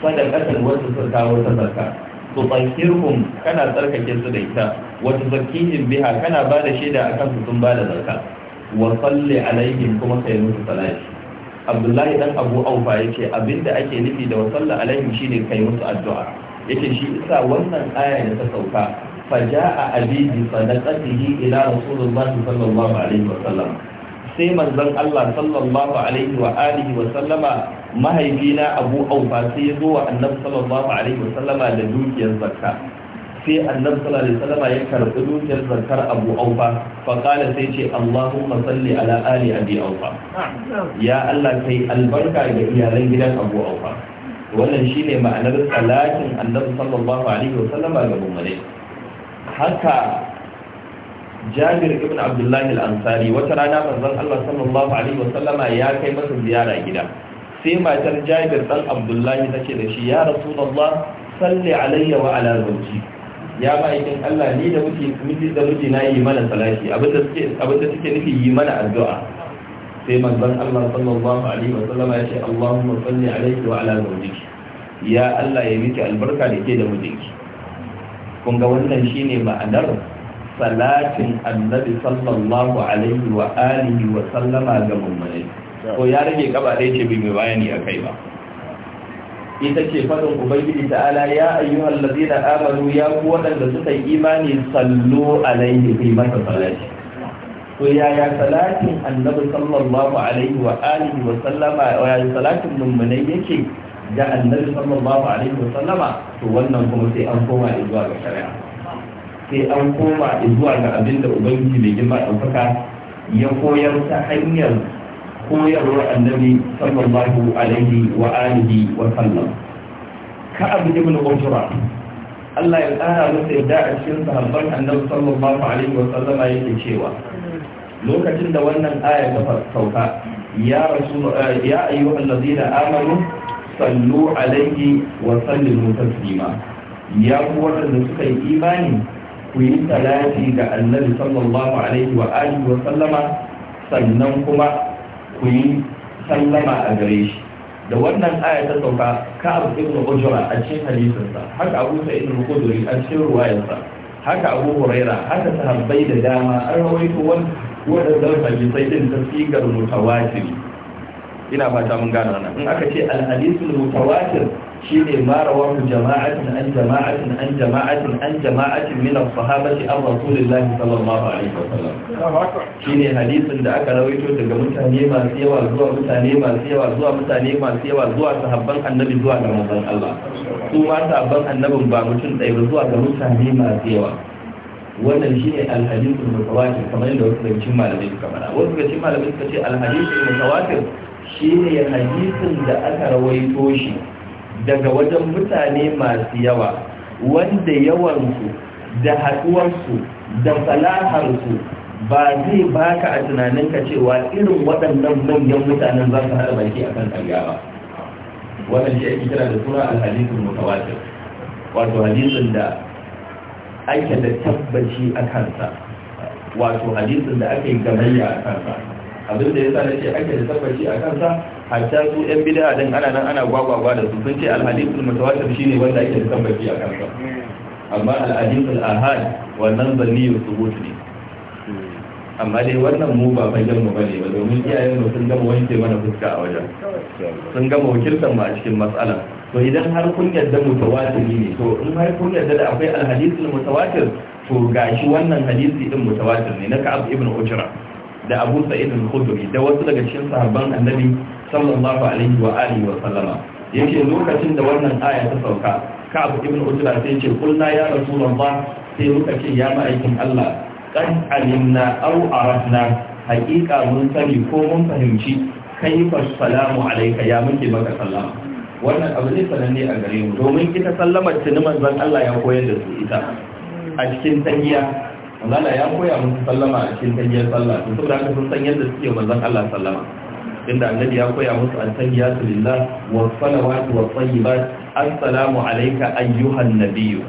sadaqatan wa tutahhiruhum ta zakka tutahhiruhum kana tsarkake su da ita wa tuzakkihim biha kana bada da shaida akan su sun ba zakka wa salli alaihim kuma kai musu salati abdullahi dan abu aufa yace abinda ake nufi da wa salli alaihim shine kai musu addu'a yace shi isa wannan aya da ta sauka faja'a abi bi sadaqatihi ila rasulullah sallallahu alaihi wa sallam sai manzon Allah sallallahu alaihi wa alihi wa sallama mahaifina abu aufa sai ya zo wa annabi sallallahu alaihi wa sallama da dukiyar zakka sai annabi sallallahu alaihi wasallam ya karɓi dukiyar zakar Abu Aufa fa qala sai ce Allahumma salli ala ali Abi Aufa ya Allah kai albarka ga iyalan gidan Abu Aufa wannan shine ma'anar salatin annabi sallallahu alaihi wasallam ga mummune haka Jabir ibn Abdullah al-Ansari wata rana manzon Allah sallallahu alaihi wasallama ya kai masa ziyara gida sai matar Jabir dan Abdullah tace da shi ya Rasulullah salli alayya wa ala zawji ya ba ma'aikin Allah ni da miji da miji na yi mana salati abinda suke abinda suke nufi yi mana addu'a sai manzon Allah sallallahu alaihi wa sallama ya ce Allahumma salli alaihi wa ala zawjiki ya Allah ya miki albarka da ke da mijinki kun ga wannan shine ma'anar salatin annabi sallallahu alaihi wa alihi wa sallama ga mummuni ko ya rage gaba ɗaya ce bai bayani kai ba ita ce faɗin ubangiji ta'ala ya ayyuhal ladina amanu ya ku waɗanda suka yi imani sallu alaihi bi mata salati to yaya salatin annabi sallallahu alaihi wa alihi wa sallama yaya salatin mummunai yake ga annabi sallallahu alaihi wa sallama to wannan kuma sai an koma zuwa ga shari'a sai an koma zuwa ga abinda ubangiji mai girma ɗaukaka ya koyar ta hanyar koyarwar annabi sallallahu alaihi wa alihi wa sallam ka'ab ibn ujra Allah ya tsara masa yadda a cikin sahabban annabi sallallahu alaihi wa sallama yake cewa lokacin da wannan aya ta sauka ya rasul ya ayyuhal ladina amanu sallu alaihi wa sallimu taslima ya ku wanda suka yi imani ku yi salati ga annabi sallallahu alaihi wa alihi wa sallama sannan kuma ku yi sallama a gare shi da wannan aya ta sauka ka'ab ibn ujra a cikin hadisinsa haka abu sa'id al-khudri a cikin ruwayarsa haka abu huraira haka sahabbai da dama an rawaito wadannan hadisai din ta sigar mutawatir ina fata mun gano nan in aka ce al mutawatir shine ma rawahu jama'atin an jama'atin an jama'atin an jama'atin min as-sahabati an rasulillahi sallallahu alaihi wasallam ne hadisin da aka rawaito daga mutane masu yawa zuwa mutane masu yawa zuwa mutane masu yawa zuwa sahabban annabi zuwa ga manzon Allah su ma sahabban annabin ba mutum ɗaya ba zuwa ga mutane masu yawa wannan shine al-hadithul mutawatir kamar yadda wasu daga cikin malamai suka faɗa wasu daga cikin malamai suka ce al-hadithul mutawatir shine hadisin da aka rawaito shi daga wajen mutane masu yawa wanda yawansu da haɗuwarsu da falaharsu ba zai baka a tunaninka cewa irin waɗannan manyan mutanen za su haɗa baki a kan ba wannan shi ake kira da suna alhadisun mutawatir wato hadisin da ake da tabbaci a kansa wato hadisin da ake gamayya a kansa abin da ya sa na ce ake da tabbaci a kansa hatta su yan bid'a din ana nan ana gwagwagwa da su sun ce alhadithul mutawatir shine wanda ake da tambaki a kansa amma alhadithul ahad wannan zanniyu subut ne amma dai wannan mu ba fagen mu bane ba domin iyayen mu sun gama wanke mana fuska a wajen sun gama wakiltar mu a cikin matsala to idan har kun yadda mutawatir ne to in har kun yarda da akwai alhadithul mutawatir to gashi wannan hadisi din mutawatir ne na Ka'ab ibn Ujra da Abu Sa'id al-Khudri da wasu daga cikin sahabban Annabi sallallahu alaihi wa alihi wa sallama yake lokacin da wannan aya ta sauka ka'ab ibn utba sai ce kulna ya rasulullah sai muka ce ya ma'aikin Allah qad alimna aw arafna haqiqa mun sani ko mun fahimci kayfa salamu alayka ya muke maka sallama wannan abu ne sananne a gare mu domin ita sallama tuni manzon Allah ya koyar da su ita a cikin tahiya Allah ya koya musu sallama a cikin tahiyar sallah to saboda haka sun san yadda suke manzon Allah sallama da annabi ya koya musu at-tahiyatu lillah wa salawatu wa tayyibat assalamu alayka ayyuhan nabiyyu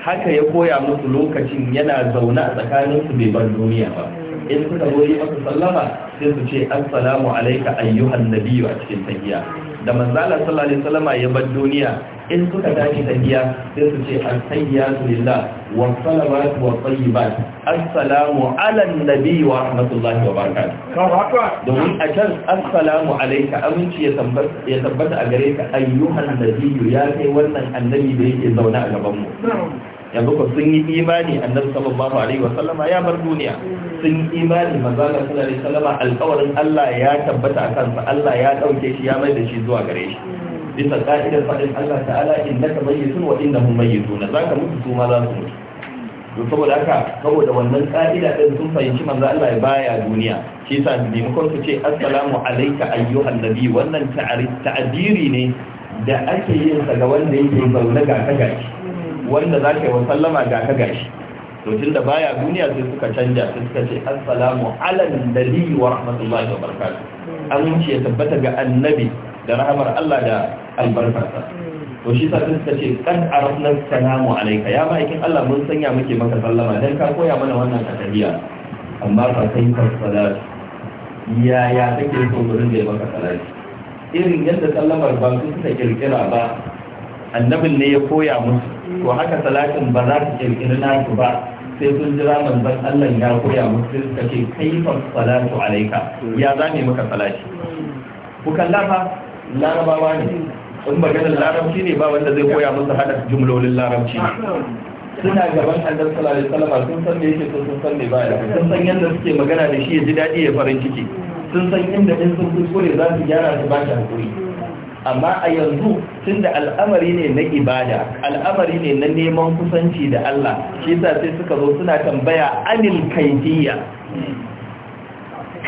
haka ya koya musu lokacin yana zaune a su bai bar duniya ba in suka zo yi masa sallama sai su ce assalamu alayka ayyuhan nabiyyu a cikin tahiyya da manzala sallallahu alaihi wasallama ya bar duniya in suka tashi tafiya sai su ce al-sayyatu lillah wa salawatu wa tayyibat assalamu ala nabi wa rahmatullahi wa barakatuh domin a can assalamu alaika aminci ya tabbata a gare ka ayyuhan nabiyyu ya kai wannan annabi da yake zauna a gaban mu yanzu ko sun yi imani annabi sallallahu alaihi wasallama ya bar duniya sun yi imani manzo Allah sallallahu alaihi wasallama alƙawarin Allah ya tabbata a kansa Allah ya dauke shi ya mai da shi zuwa gare shi bisa ka'idar faɗin Allah ta'ala innaka mayyitun wa innahum mayyitun zaka mutu su ma za su mutu to saboda haka saboda wannan ka'ida din sun fahimci manzo Allah ya baya duniya shi yasa maimakon su ce assalamu alayka ayyuhan nabi wannan ta'adiri ne da ake yin sa ga wanda yake zaune ga ka gashi wanda ka yi wa sallama ga ka gashi to tunda baya duniya sai suka canja sai suka ce assalamu ala nabi wa rahmatullahi wa barakatuh an ya tabbata ga annabi da rahamar Allah da albarkarsa to shi sai suka ce kan arafna salamu alayka ya ma'aikin Allah mun sanya muke maka sallama dan ka koya mana wannan tarbiyya amma ba kai ka salatu ya ya kake so gurin da ya maka salati irin yadda sallamar ba su suka kirkira ba annabin ne ya koya musu to haka salatin ba za ta kirkira su ba sai sun jira manzon Allah ya koya musu suka ce fa salatu alayka ya zame maka salati ku kallafa. larabawa ne in maganar larabci ne ba wanda zai koya musu hada jumlolin larabci suna gaban annabi sallallahu alaihi wasallam sun san me yake sun san me baya sun san yadda suke magana da shi ya ji dadi ya farin ciki sun san inda in sun kuskure za su gyara su ba shi hakuri amma a yanzu tunda al'amari ne na ibada al'amari ne na neman kusanci da Allah shi yasa sai suka zo suna tambaya anil kaidiyya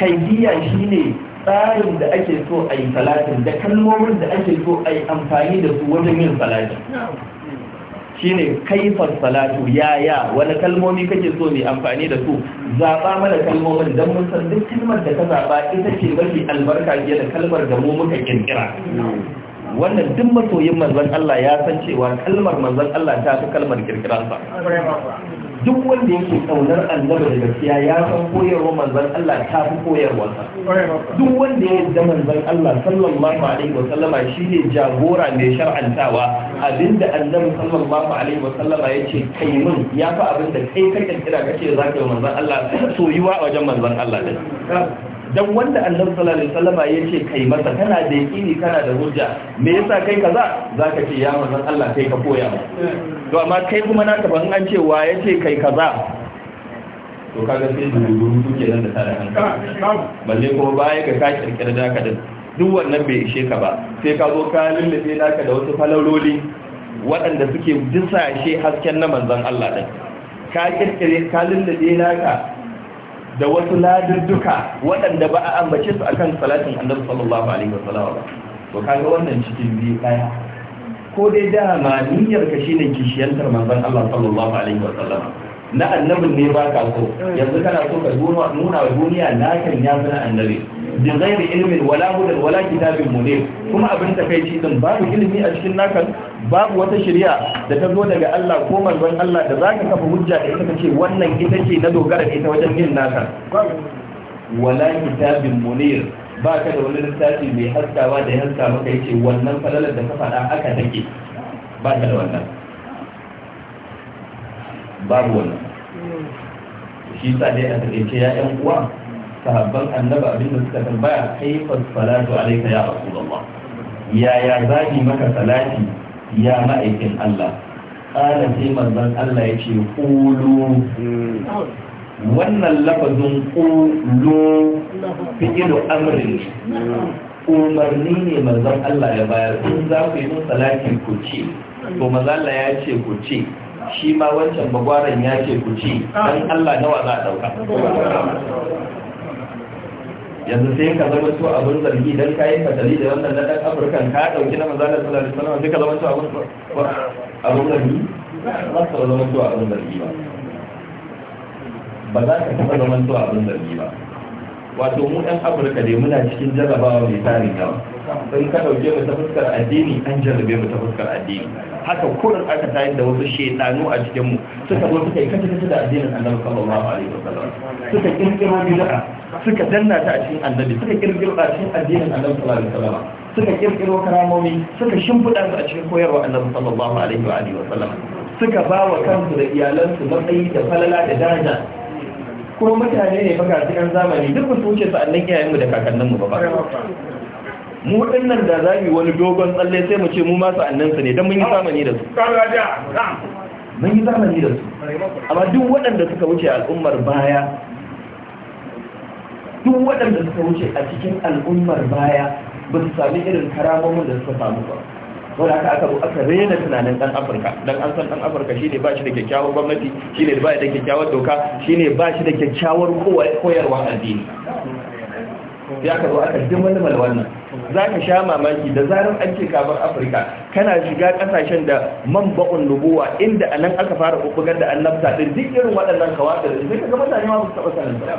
kaidiyya shine tsarin da ake so a yi salatin da kalmomin da ake so a yi amfani da su wajen yin shi ne kaifar salatu ya ya wani kalmomi kake so mai amfani da su zaɓa mana kalmomin don mun duk kalmar da ka zaɓa ita ce mafi albarka fiye da kalmar da mu muka ƙirƙira wannan duk masoyin manzon Allah ya san cewa kalmar manzon Allah ta fi kalmar kirkiransa duk wanda yake kaunar annabi da gaskiya ya san koyarwa manzon Allah ta fi koyarwa duk wanda ya yarda manzon Allah sallallahu alaihi wasallama shine jagora mai shar'antawa abinda annabi sallallahu alaihi wasallama yace kai mun yafi abinda kai kake kira kace zaka yi manzon Allah soyuwa a wajen manzon Allah din dan wanda annabi sallallahu alaihi wasallama yace kai masa kana da yakini kana da hujja me yasa kai kaza zaka ce ya manzon Allah kai ka koya ba to amma kai kuma naka ba an ce wa yace kai kaza to kaga sai da rubutu suke nan da tare hanka balle kuma baya ga ka kirkira da ka da duk wannan bai ishe ka ba sai ka zo ka lullube naka da wasu falaloli waɗanda suke shi hasken na manzon Allah ɗin. ka kirkire ka lullube naka da wasu ladudduka waɗanda ba a ambace su akan salatin annabi sallallahu alaihi wasallam to kaga wannan cikin biyu daya ko dai da niyyar ka shine kishiyantar manzon Allah sallallahu alaihi wasallam na annabin ne ba ka so mm. yanzu kana so ka nuna wa duniya na kan ya fi na annabi bin ghairi ilmin wala hudan wala kitabin munir kuma abin ta kai ci din babu ilimi a cikin nakan babu wata shari'a da ta zo daga Allah ko manzon Allah da zaka kafa hujja da ita kace wannan ita ce na dogara ita wajen yin naka wala kitabin munir ba ka da wani littafi mai haskawa da ya haska maka yace wannan falalar da ka faɗa haka take ba da wannan babu wannan shi sa dai a takaice ya yan uwa sahabban annaba abin da suka tambaya kaifa salatu alayka ya rasulullah yaya zabi maka salati ya ma'aikin Allah kala sai manzon Allah ya ce qulu wannan lafazin qulu fi'lu amrin umarni ne manzon Allah ya bayar in za ku yi salati ku ce to manzon Allah ya ce ku ce shi ma wancan bagwaran ya ce ku ci dan Allah nawa za a dauka yanzu sai ka zama to abin zargi dan kayan fatali da wannan na dan Afirkan ka dauki na manzo Allah sallallahu alaihi wasallam sai ka zama to abin zargi ba ka zama to abin zargi ba ba za ka taba zama to abin zargi ba wato mu ɗan afirka dai muna cikin jarrabawa mai tarin yawa sai ka ɗauke mu ta fuskar addini an jarrabe mu ta fuskar addini haka kurin aka tayar da wasu shaidanu a cikin mu suka zo suka yi kace kace da addinin annabi sallallahu alaihi wasallam suka kirkiro bid'a suka danna ta a cikin annabi suka kirkiro a cikin addinin annabi sallallahu alaihi wasallam suka kirkiro karamomi suka shimfiɗa su a cikin koyarwa annabi sallallahu alaihi wa alihi wasallam suka ba wa kansu da iyalansu matsayi da falala da daraja kuma mutane ne baka cikin zamani duk su wuce su annan iyayenmu da kakanninmu ba ba mu nan da za mu wani dogon tsalle sai mu ce mu masu su ne don mun yi zamani da su mun yi zamani da su amma duk waɗanda suka wuce al'ummar baya duk waɗanda suka wuce a cikin al'ummar baya ba su sami irin karamomin da suka samu ba saboda haka aka zo aka rena tunanin dan afirka dan an san dan afirka shine ba shi da kyakkyawar gwamnati shine ba shi da kyakkyawar doka shine ba shi da kyakkyawar koyarwa addini ya ka zo aka dimalmal wannan za ka sha mamaki da zarar an ce kafin afirka kana shiga kasashen da man ba'un nubuwa inda a nan aka fara kubugar da annabta din duk irin waɗannan kawata da sai kaga mutane ma ba su taɓa sanin ba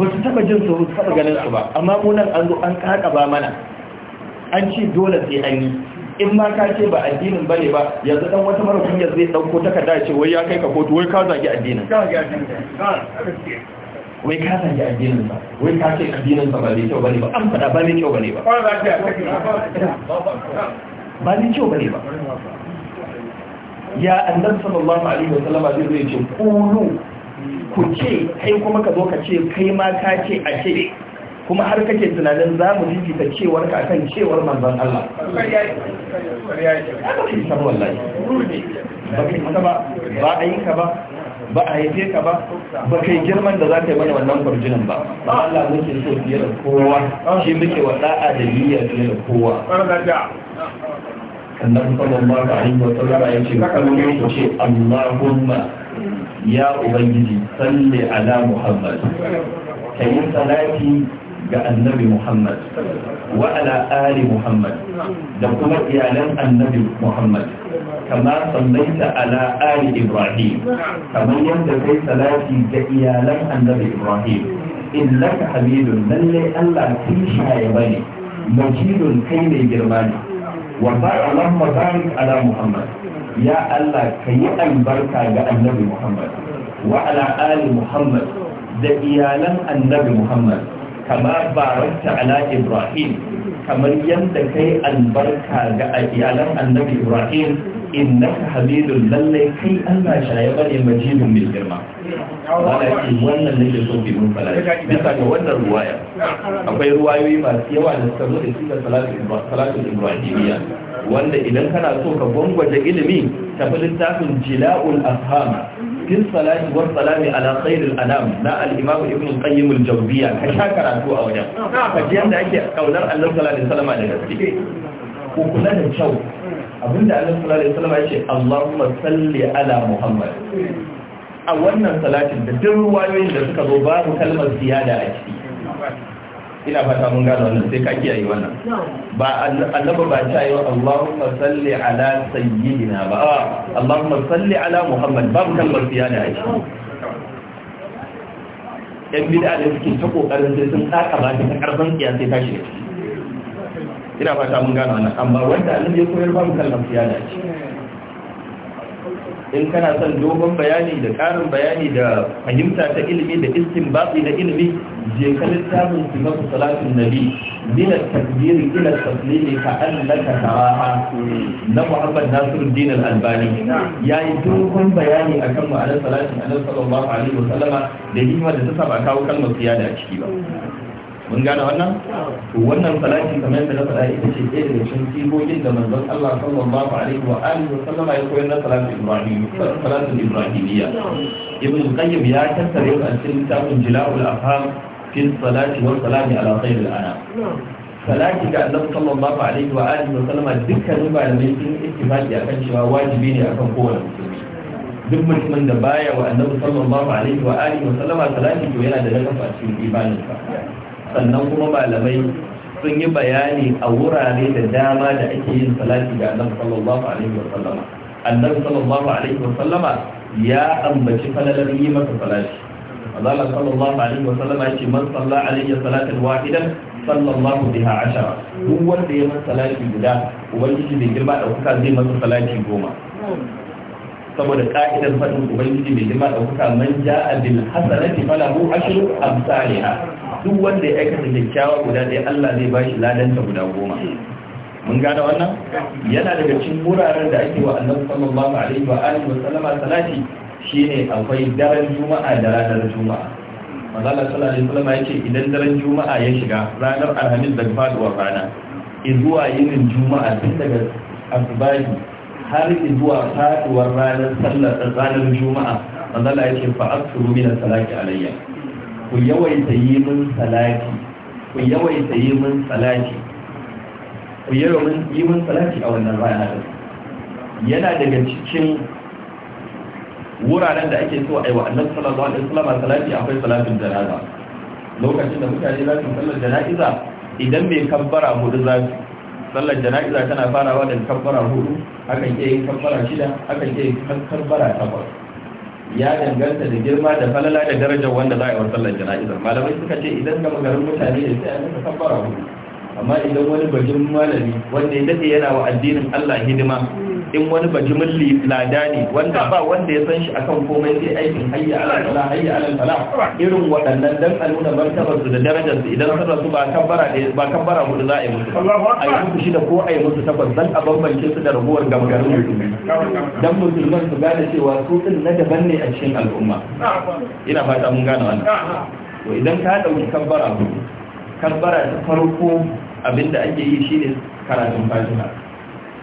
ba su taɓa jin tsoro su taɓa ganin su ba amma mu nan an zo an kaka ba mana an ce dole sai an yi in ma ka ce ba addinin bane ba yanzu dan wata mara kunya zai dauko takarda ce wai ya kai ka kotu wai ka zagi addinin wai ka zagi addinin ba wai ka ce addinin ba ba ne kyau bane ba an fada ba ne kyau bane ba ba ne kyau bane ba ya annabi sallallahu alaihi wasallam zai zai ce kulu ku ce kai kuma ka zo ka ce kai ma ka ce a ce kuma har kake tunanin za mu fifita cewar ka kan cewar manzon Allah ba ki san wallahi ba kai san ba ba a yi ka ba ba a haife ka ba ba kai girman da za ka yi mana wannan kwarjinan ba ba Allah muke so fiye da kowa shi muke wa da'a da niyya fiye da kowa sannan sallallahu alaihi wa sallam ya ce kallon ku ce Allahumma ya ubangiji salli ala Muhammad kayi salati ga annabi Muhammad wa ala ali Muhammad da kuma iyalan annabi Muhammad kama sallaita ala ali Ibrahim kamar yadda kai salati ga iyalan annabi Ibrahim innaka hamidun lalle Allah kisha ya bane majidun kai mai girma ne wa Allahumma barik ala Muhammad ya Allah kayi albarka ga annabi Muhammad wa ala ali Muhammad da iyalan annabi Muhammad kama barakta ala ibrahim kamar yadda kai albarka ga iyalan annabi ibrahim innaka hamidun lallai kai Allah shaye bane majidun mai girma walakin wannan nake so bi mun fara bisa ga wannan ruwaya akwai ruwayoyi masu yawa da suka zo da shi salatu ibrahimiyya wanda idan kana so ka gwangwaje ilimi tafi littafin jila'ul afhama fil salati wa salami ala khairil anam na al-imam ibn qayyim al-jawziyya ka sha karatu a wajen ka ji yanda ake kaunar Allah sallallahu alaihi wasallam da gaske ko kula da kyau abinda Allah sallallahu alaihi wasallam yake Allahumma salli ala Muhammad a wannan salatin da duk ruwayoyin da suka zo babu kalmar ziyada a ciki ina fata mun gano wannan sai ka kiyaye wannan ba annaba ba ta yi Allahumma salli ala sayyidina ba Allahumma salli ala Muhammad babu kalmar fiya da aiki yan bid'a da suke ta kokarin sai sun tsaka ba ta karfan kiya sai ta shiga ina fata mun gano wannan amma wanda annabi ya koyar mu kalmar fiya da aiki in kana son dogon bayani da ƙarin bayani da fahimta ta ilimi da istinbati na ilimi je ka littafin sifatu salatin nabi min at-takbir ila taslimi ka annaka taraha na Muhammad Nasiru, Al-Albani yayi dogon bayani akan ma'anar salatin Annabi sallallahu alaihi wasallama da hikima da ta saba kawo kalmar siyada a ciki ba mun gane wannan wannan salati kamar da na faɗa ita ce ɗaya daga cikin sifofin da manzon Allah sallallahu alaihi wa alihi wa sallama ya koyar na salatin ibrahim salatin ibrahimiyya ibn qayyim ya tattare a cikin littafin jila'ul afham fi salati wa salami ala al anam salati ga annabi sallallahu alaihi wa alihi wa sallama dukkanin malamai sun ittifaqi akan cewa wajibi ne akan kowane musulmi duk mutumin da baya wa annabi sallallahu alaihi wa alihi wa sallama salati to yana da nakafa cikin imaninsa sannan kuma malamai sun yi bayani a wurare da dama da ake yin salati ga annabi sallallahu alaihi wa sallama annabi sallallahu alaihi wa sallama ya ambaci falalar yi masa salati Allah sallallahu alaihi wa sallama ya ce man salla alaihi salatan wahidan sallallahu biha ashara duk wanda ya masa salati guda ubangiji bai girma da kuka zai masa salati goma saboda ka'idar fadin ubangiji bai girma da kuka man ja'a bil hasanati falahu ashru amsalha duk wanda ya aikata kyakkyawa guda ɗaya Allah zai bashi ladanta guda goma mun gane wannan yana daga cikin wuraren da ake wa annabi sallallahu alaihi wa alihi wa sallama salati shine akwai daren juma'a da ranar juma'a manzo Allah sallallahu alaihi wa sallama yace idan daren juma'a ya shiga ranar alhamis da faduwar rana zuwa yinin juma'a tun daga asubahi har zuwa faduwar ranar sallar ranar juma'a manzo Allah yace fa aksuru min salati alayya ku yawaita yi min salati ku yawaita yi min salati ku yawaita yi min salati a wannan rana yana daga cikin wuraren da ake so a yi wa annabi sallallahu alaihi wasallam salati akwai salatin janaza lokacin da mutane za su sallar janaza idan mai kabbara hudu za su sallar janaza tana farawa da kabbara hudu akan iya yin kabbara shida akan iya yin kabbara takwas ya danganta da girma da falala da darajar wanda za a yi wa sallar jana'izar malamai suka ce idan da garin mutane da sai a masa kabbara hudu amma idan wani bajimin malami wanda ya dade yana wa addinin Allah hidima in wani bajimin lada ne wanda ba wanda ya san shi akan komai sai aikin hayya ala sala hayya ala sala irin waɗannan dan a nuna martabar su da darajar su idan sun rasu ba kabbara ne ba kabbara hudu za a yi musu a yi musu shida ko a yi musu takwas zan a bambance su da rabuwar gamgarin musulmi dan musulman su gane cewa su din na daban ne a cikin al'umma ina fata mun gane wannan to idan ka dauki kabbara hudu kabbara ta farko abinda ake yi shine karatun fatiha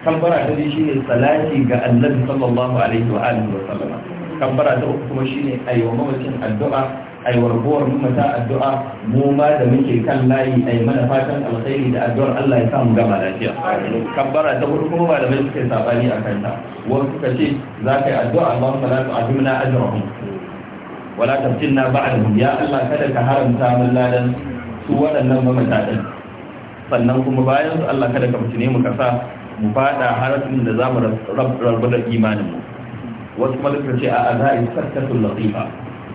kabbara ta biyu shine salati ga annabi sallallahu alaihi wa alihi wa sallama kabbara ta uku kuma shine ayyuwa mamacin addu'a ayyuwar buwar mamata addu'a mu ma da muke kan layi ayi mana fatan alkhairi da addu'ar Allah ya sa mu gama lafiya kabbara ta hudu kuma malamai suka yi sabani a kanta wasu suka ce za ka yi addu'a Allahumma la tu'azimna ajrahum wala taftinna ba'dahum ya Allah kada ka haramta min ladan su waɗannan mamata din sannan kuma bayan su Allah kada ka mutune mu kasa mu fada harafin da zamu rabu da imanin mu wasu malaka ce a azai sakkatul latifa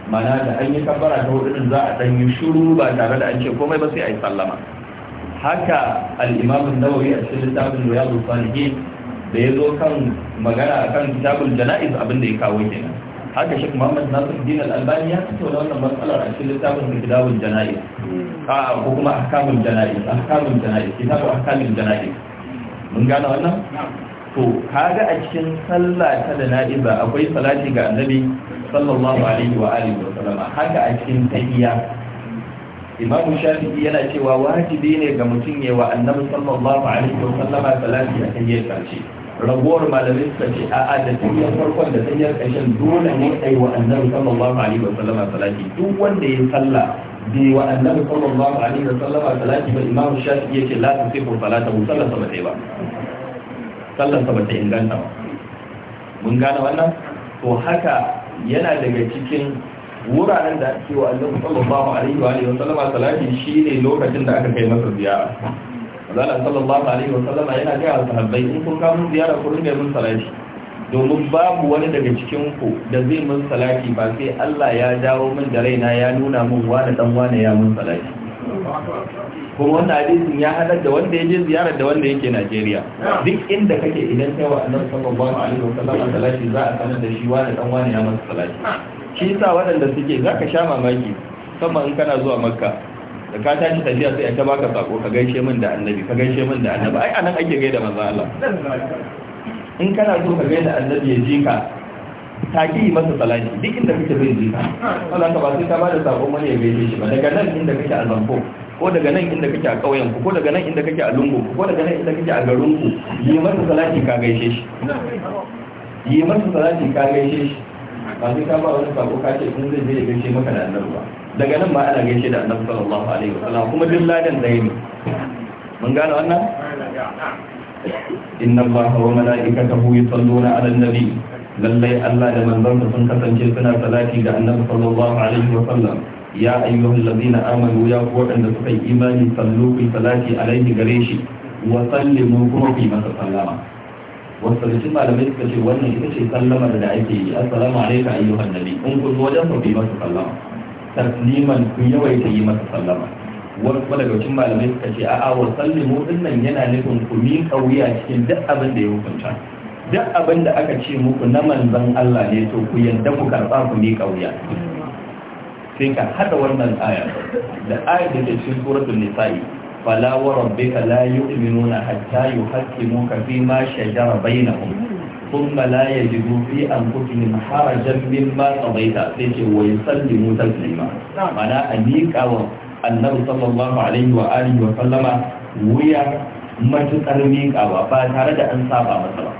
mana da an yi kabbara ta hudu za a dan yi shiru ba tare da an ce komai ba sai a yi sallama haka al-imam an-nawawi a cikin littafin riyadus salihin da ya zo kan magana akan kitabul janaiz abin da ya kawo kenan haka shi muhammad nasir din al-albani ya fito da wannan matsalar a cikin littafin gidawun jana'i hmm. a ko kuma ahkamul jana'i ahkamul jana'i kitabu ahkamul jana'i mun gane wannan to kaga a cikin sallah ta da na'iba akwai salati ga annabi sallallahu alaihi wa alihi wa sallam haka a cikin tahiyya imam shafi'i yana cewa wajibi ne ga mutum ya wa annabi sallallahu alaihi wa sallama salati a tahiyyar karshe Raguwar Malamin suka ce a'a da tun farkon da tun ƙarshen dole ne a yi wa annabi sallallahu alaihi wa sallama salati duk wanda ya sallah bi wa annabi sallallahu alaihi wa sallama salati ba imam shafi ya ce la ta sai kuma salata mu sallar sa ba ba sallar sa ba ta inganta ba mun gane wannan to haka yana daga cikin wuraren da ake wa annabi sallallahu alaihi wa sallama salati shine lokacin da aka kai masa ziyara Zanen sallallahu alaihi wasallam yana ga sahabbai in kun kamun ziyara ku ringa mun salati domin babu wani daga cikin ku da zai mun salati ba sai Allah ya jawo min da raina ya nuna min wani dan wani ya mun salati kuma wannan hadisin ya haɗar da wanda ya je ziyarar da wanda yake Najeriya duk inda kake idan kai wa annabi sallallahu alaihi wasallam salati za a sanar da shi wani dan wani ya mun salati shi yasa waɗanda suke zaka sha mamaki kuma in kana zuwa Makka da ka tashi tafiya sai ta baka sako ka gaishe min da annabi ka gaishe min da annabi ai anan ake gaida manzo Allah in kana so ka gaida annabi ya ji ka yi masa salati duk inda kake bai ji ka Allah ka ba sai ka bada sako wani ya gaishe shi ba daga nan inda kake a zamfo ko daga nan inda kake a ƙauyen ku ko daga nan inda kake a lungu ko daga nan inda kake a garin ku yi masa salati ka gaishe shi yi masa salati ka gaishe shi ba sai ka ba wani sako ka ce kun zai je ya gaishe maka da annabi ba daga nan ba ana gaishe da annabi sallallahu alaihi wasallam kuma duk ladan da ne. mun gano wannan inna allaha wa malaikatahu yusalluna ala nabi lallai allah da manzon sun kasance suna salati da annabi sallallahu alaihi wasallam ya ayyuhal ladina amanu ya ku wadanda suka yi imani sallu ku salati alaihi gare shi wa sallimu kuma ku masa sallama wasu da malamai suka ce wannan ita ce sallama da ake yi assalamu alaikum ayyuhan nabi in kun wajen ku masa sallama tasliman ku yawaita yi masa sallama Wani daga cikin malamai suka ce a'a awar sallimu din nan yana nufin ku mi kauya cikin duk abin da ya hukunta duk abin da aka ce muku na manzon Allah ne to ku yadda ku karɓa ku mi kauya sai ka hada wannan aya da ayar da ke cikin suratul nisa'i fala wa rabbika la yu'minuna hatta yuhaqqimuka fi ma shajara bainahum ثم لا يجدوا في أنفسهم حرجا مما قضيت سيتي ويسلموا تسليما معنى أنيك أو النبي صلى الله عليه وآله وسلم ويا matuƙar miƙawa ba tare da an saba masa ba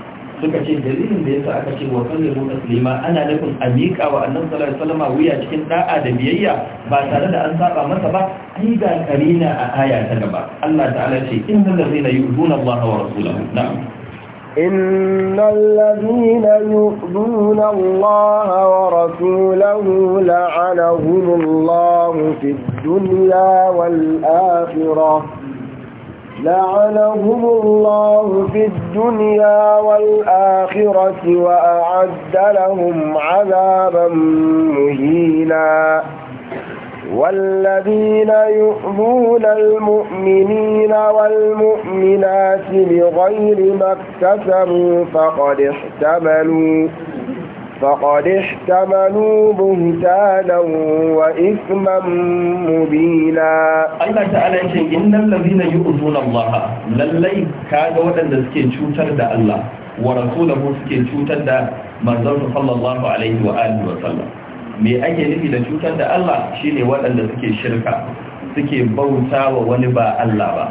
suka ce dalilin da yasa aka ce wa sallimu taslima ana nufin a wa annabi sallallahu alaihi wasallam wuya cikin da'a da biyayya ba tare da an saba masa ba ai ga karina a aya ta gaba Allah ta'ala ce innal ladzina yu'minuna Allah wa rasulahu na'am إن الذين يؤذون الله ورسوله لعنهم الله في الدنيا والآخرة لعنهم الله في الدنيا والآخرة وأعد لهم عذابا مهينا والذين يؤذون المؤمنين والمؤمنات بغير ما اكتسبوا فقد احتملوا فقد احتملوا بهتانا وإثما مبينا الله تعالى يقول إن الذين يؤذون الله للي كانوا ودنسكي تشوتر دا الله ورسوله سكي تشوتر دا مرزوه صلى الله عليه وآله وسلم me ake nufi da cutar da Allah shine waɗanda suke shirka suke bauta wa wani ba Allah ba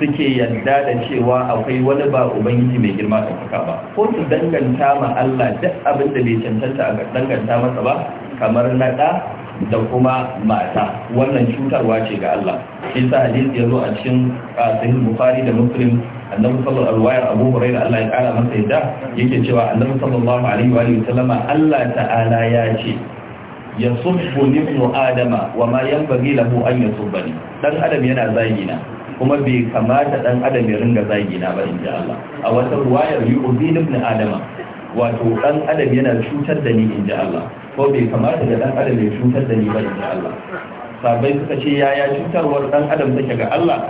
suke yadda da cewa akwai wani ba ubangiji mai girma da suka ba ko su danganta ma Allah duk abin da bai cancanta a danganta masa ba kamar naɗa da kuma mata wannan cutarwa ce ga Allah shi sa hadisi ya zo a cikin sahih bukhari da muslim annabi sallallahu alaihi wa abu hurairah Allah ya kara masa yadda yake cewa annabi sallallahu alaihi wa sallam Allah ta'ala ya ce yasubbu ibnu adama wa ma yanbaghi lahu an yasubbani dan adam yana zagina kuma bai kamata dan adam ya ringa zagina ba inda Allah a wata ruwayar yu'zi ibnu adama wato dan adam yana cutar da ni inda Allah ko bai kamata da dan adam ya cutar da ni ba inda Allah sabai suka ce ya yaya cutarwar dan adam take ga Allah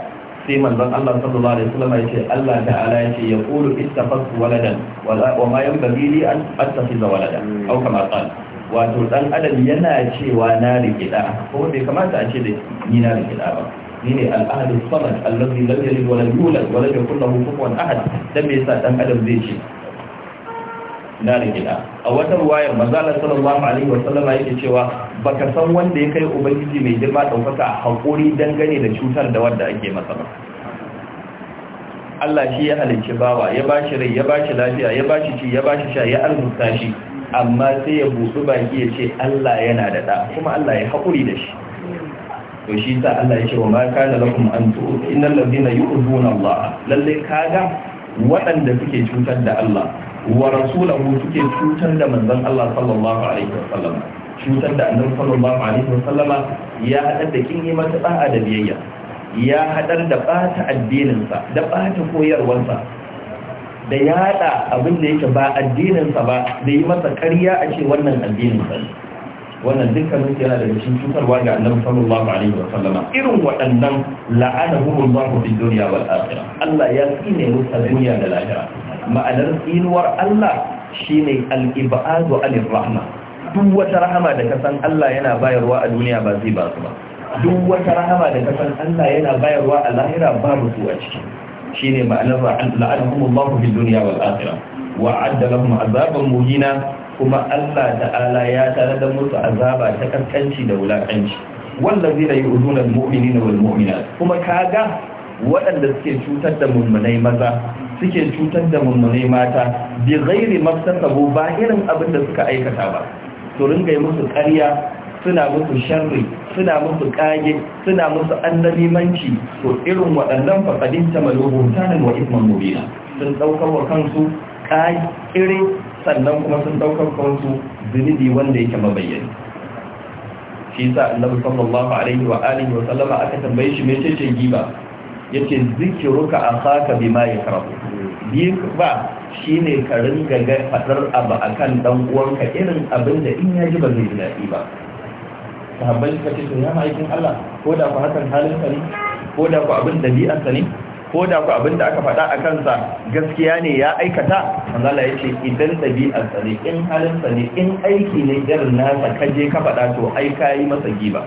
sai manzon Allah sallallahu alaihi wasallam ya ce Allah ta'ala ya ce yaqulu ittafasu waladan wa ma yanbaghi li an attakhidha waladan aw kama qala wato dan adam yana cewa na rikida ko bai kamata a ce da ni na rikida ba ni ne al'ahadu samad allazi lam yalid wa lam yulad wa lam yakul lahu kufuwan ahad dan me yasa dan adam zai ce na rikida a wata ruwaya manzala sallallahu alaihi wa sallam yake cewa baka san wanda ya kai ubangiji mai girma daukaka hakuri dangane da cutar da wanda ake masa ba Allah shi ya halicci bawa ya bashi rai ya bashi lafiya ya bashi ci ya bashi sha ya arzuta shi amma sai ya busu baki ya ce Allah yana da ɗa kuma Allah ya haƙuri da shi to shi sa Allah ya ce wa ma kana lakum an tu'u innal ladina yu'duna Allah lalle kaga waɗanda suke cutar da Allah wa rasulahu suke cutar da manzon Allah sallallahu alaihi wasallam cutar da annabi sallallahu alaihi wasallama ya haɗar da kin mata mata da biyayya ya haɗar da ɓata addininsa da ɓata koyarwarsa da yada abin da yake ba addininsa ba da yi masa ƙarya a ce wannan addininsa wannan dukkanin yana da cikin cutarwa ga annabi sallallahu alaihi wa sallama irin waɗannan la'anahumullahu fid dunya wal akhirah Allah ya tsine musu duniya da lahira ma'anar tsinuwar Allah shine al-ibadu al rahma duk wata rahama da kasan Allah yana bayarwa a duniya ba zai ba su ba duk wata rahama da kasan Allah yana bayarwa a lahira babu su a ciki shine ma'anar la'anhum Allah fi dunya wal akhirah wa adda mu azaban muhina kuma Allah ta'ala ya tare da musu azaba ta kaskanci da wulakanci wallazina yu'zuna al-mu'minina wal mu'minat kuma kaga waɗanda suke cutar da mummunai maza suke cutar da mummunai mata bi ghairi mafsasabu ba irin abin da suka aikata ba to ringa yi musu ƙarya suna muku sharri suna musu kage suna musu manci to irin waɗannan faɗin tamalu hutanen wa ibn mubina sun ɗaukar wa kansu kire sannan kuma sun ɗaukar kansu zunubi wanda yake mabayyani shi sa annabi sallallahu alaihi wa alihi wa sallama aka tambaye shi mece ce giba yace zikiruka akaka bima yakrahu ba shine ka ringa ga fadar abu akan dan uwanka irin abin da in yaji ba zai daɗi ba sahabbai suka ce to ya ma'aikin Allah ko da ku hakan halin sa ne ko da ku abin dabi'ar sa ne ko da ku abin da aka faɗa a kansa gaskiya ne ya aikata Allah ya ce idan dabi'ar sa ne in halin sa ne in aiki ne irin nasa ka je ka faɗa to ai ka yi masa giba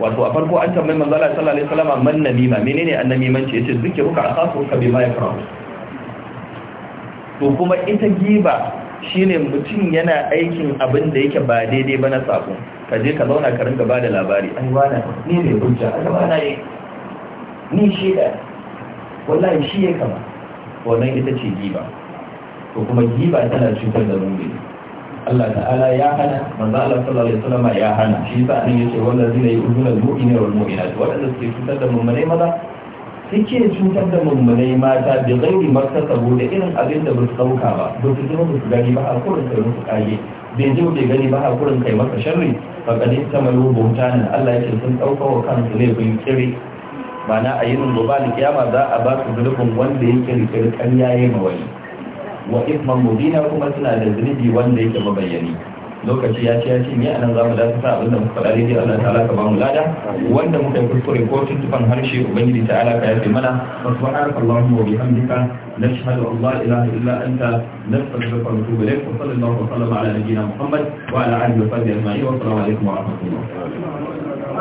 wato a farko an tambayi Allah sallallahu alaihi wasallam man ma menene ce yace zikiruka asasu ka bima yakrahu to kuma ita giba shine mutum yana aikin abin da yake ba daidai ba na sako ka je ka zauna ka rinka bada labari ai wala ni ne hujja ai wala ne ni shi da wallahi shi ya kama wannan ita ce giba to kuma giba tana cutar da mu'mini Allah ta'ala ya hana manzo Allah sallallahu alaihi wasallam ya hana shi ba ne yace wallahi zai yi al-mu'mina wal mu'minat wadanda suke cutar da mu'minai maza suke cutar da mummunai mata da gairi maktasabu da irin abin da basu su sauka ba ba su zama su gani ba hakurin kai musu kage bai ji bai gani ba hakurin kai masa sharri ba ta mai rubuta ne. Allah yake sun dauka wa kansu laifin kiri mana a yin gobe da kiyama za a ba su zulubin wanda yake rikirkan yayi ma wani wa ifman mubina kuma suna da zunubi wanda yake mabayani lokaci ya ce ya ce ni a nan za mu dakata abinda muka faɗa daidai Allah ta'ala ka ba mu lada wanda muka yi kuskure ko tuntufan harshe ubangiji ta'ala ka yafe mana wa subhanaka allahumma wa bihamdika nashhadu an la ilaha illa anta nastaghfiruka wa natubu ilayk wa sallallahu wa sallama ala nabiyyina muhammad wa ala alihi wa sahbihi ajma'in wa assalamu alaikum wa barakatuh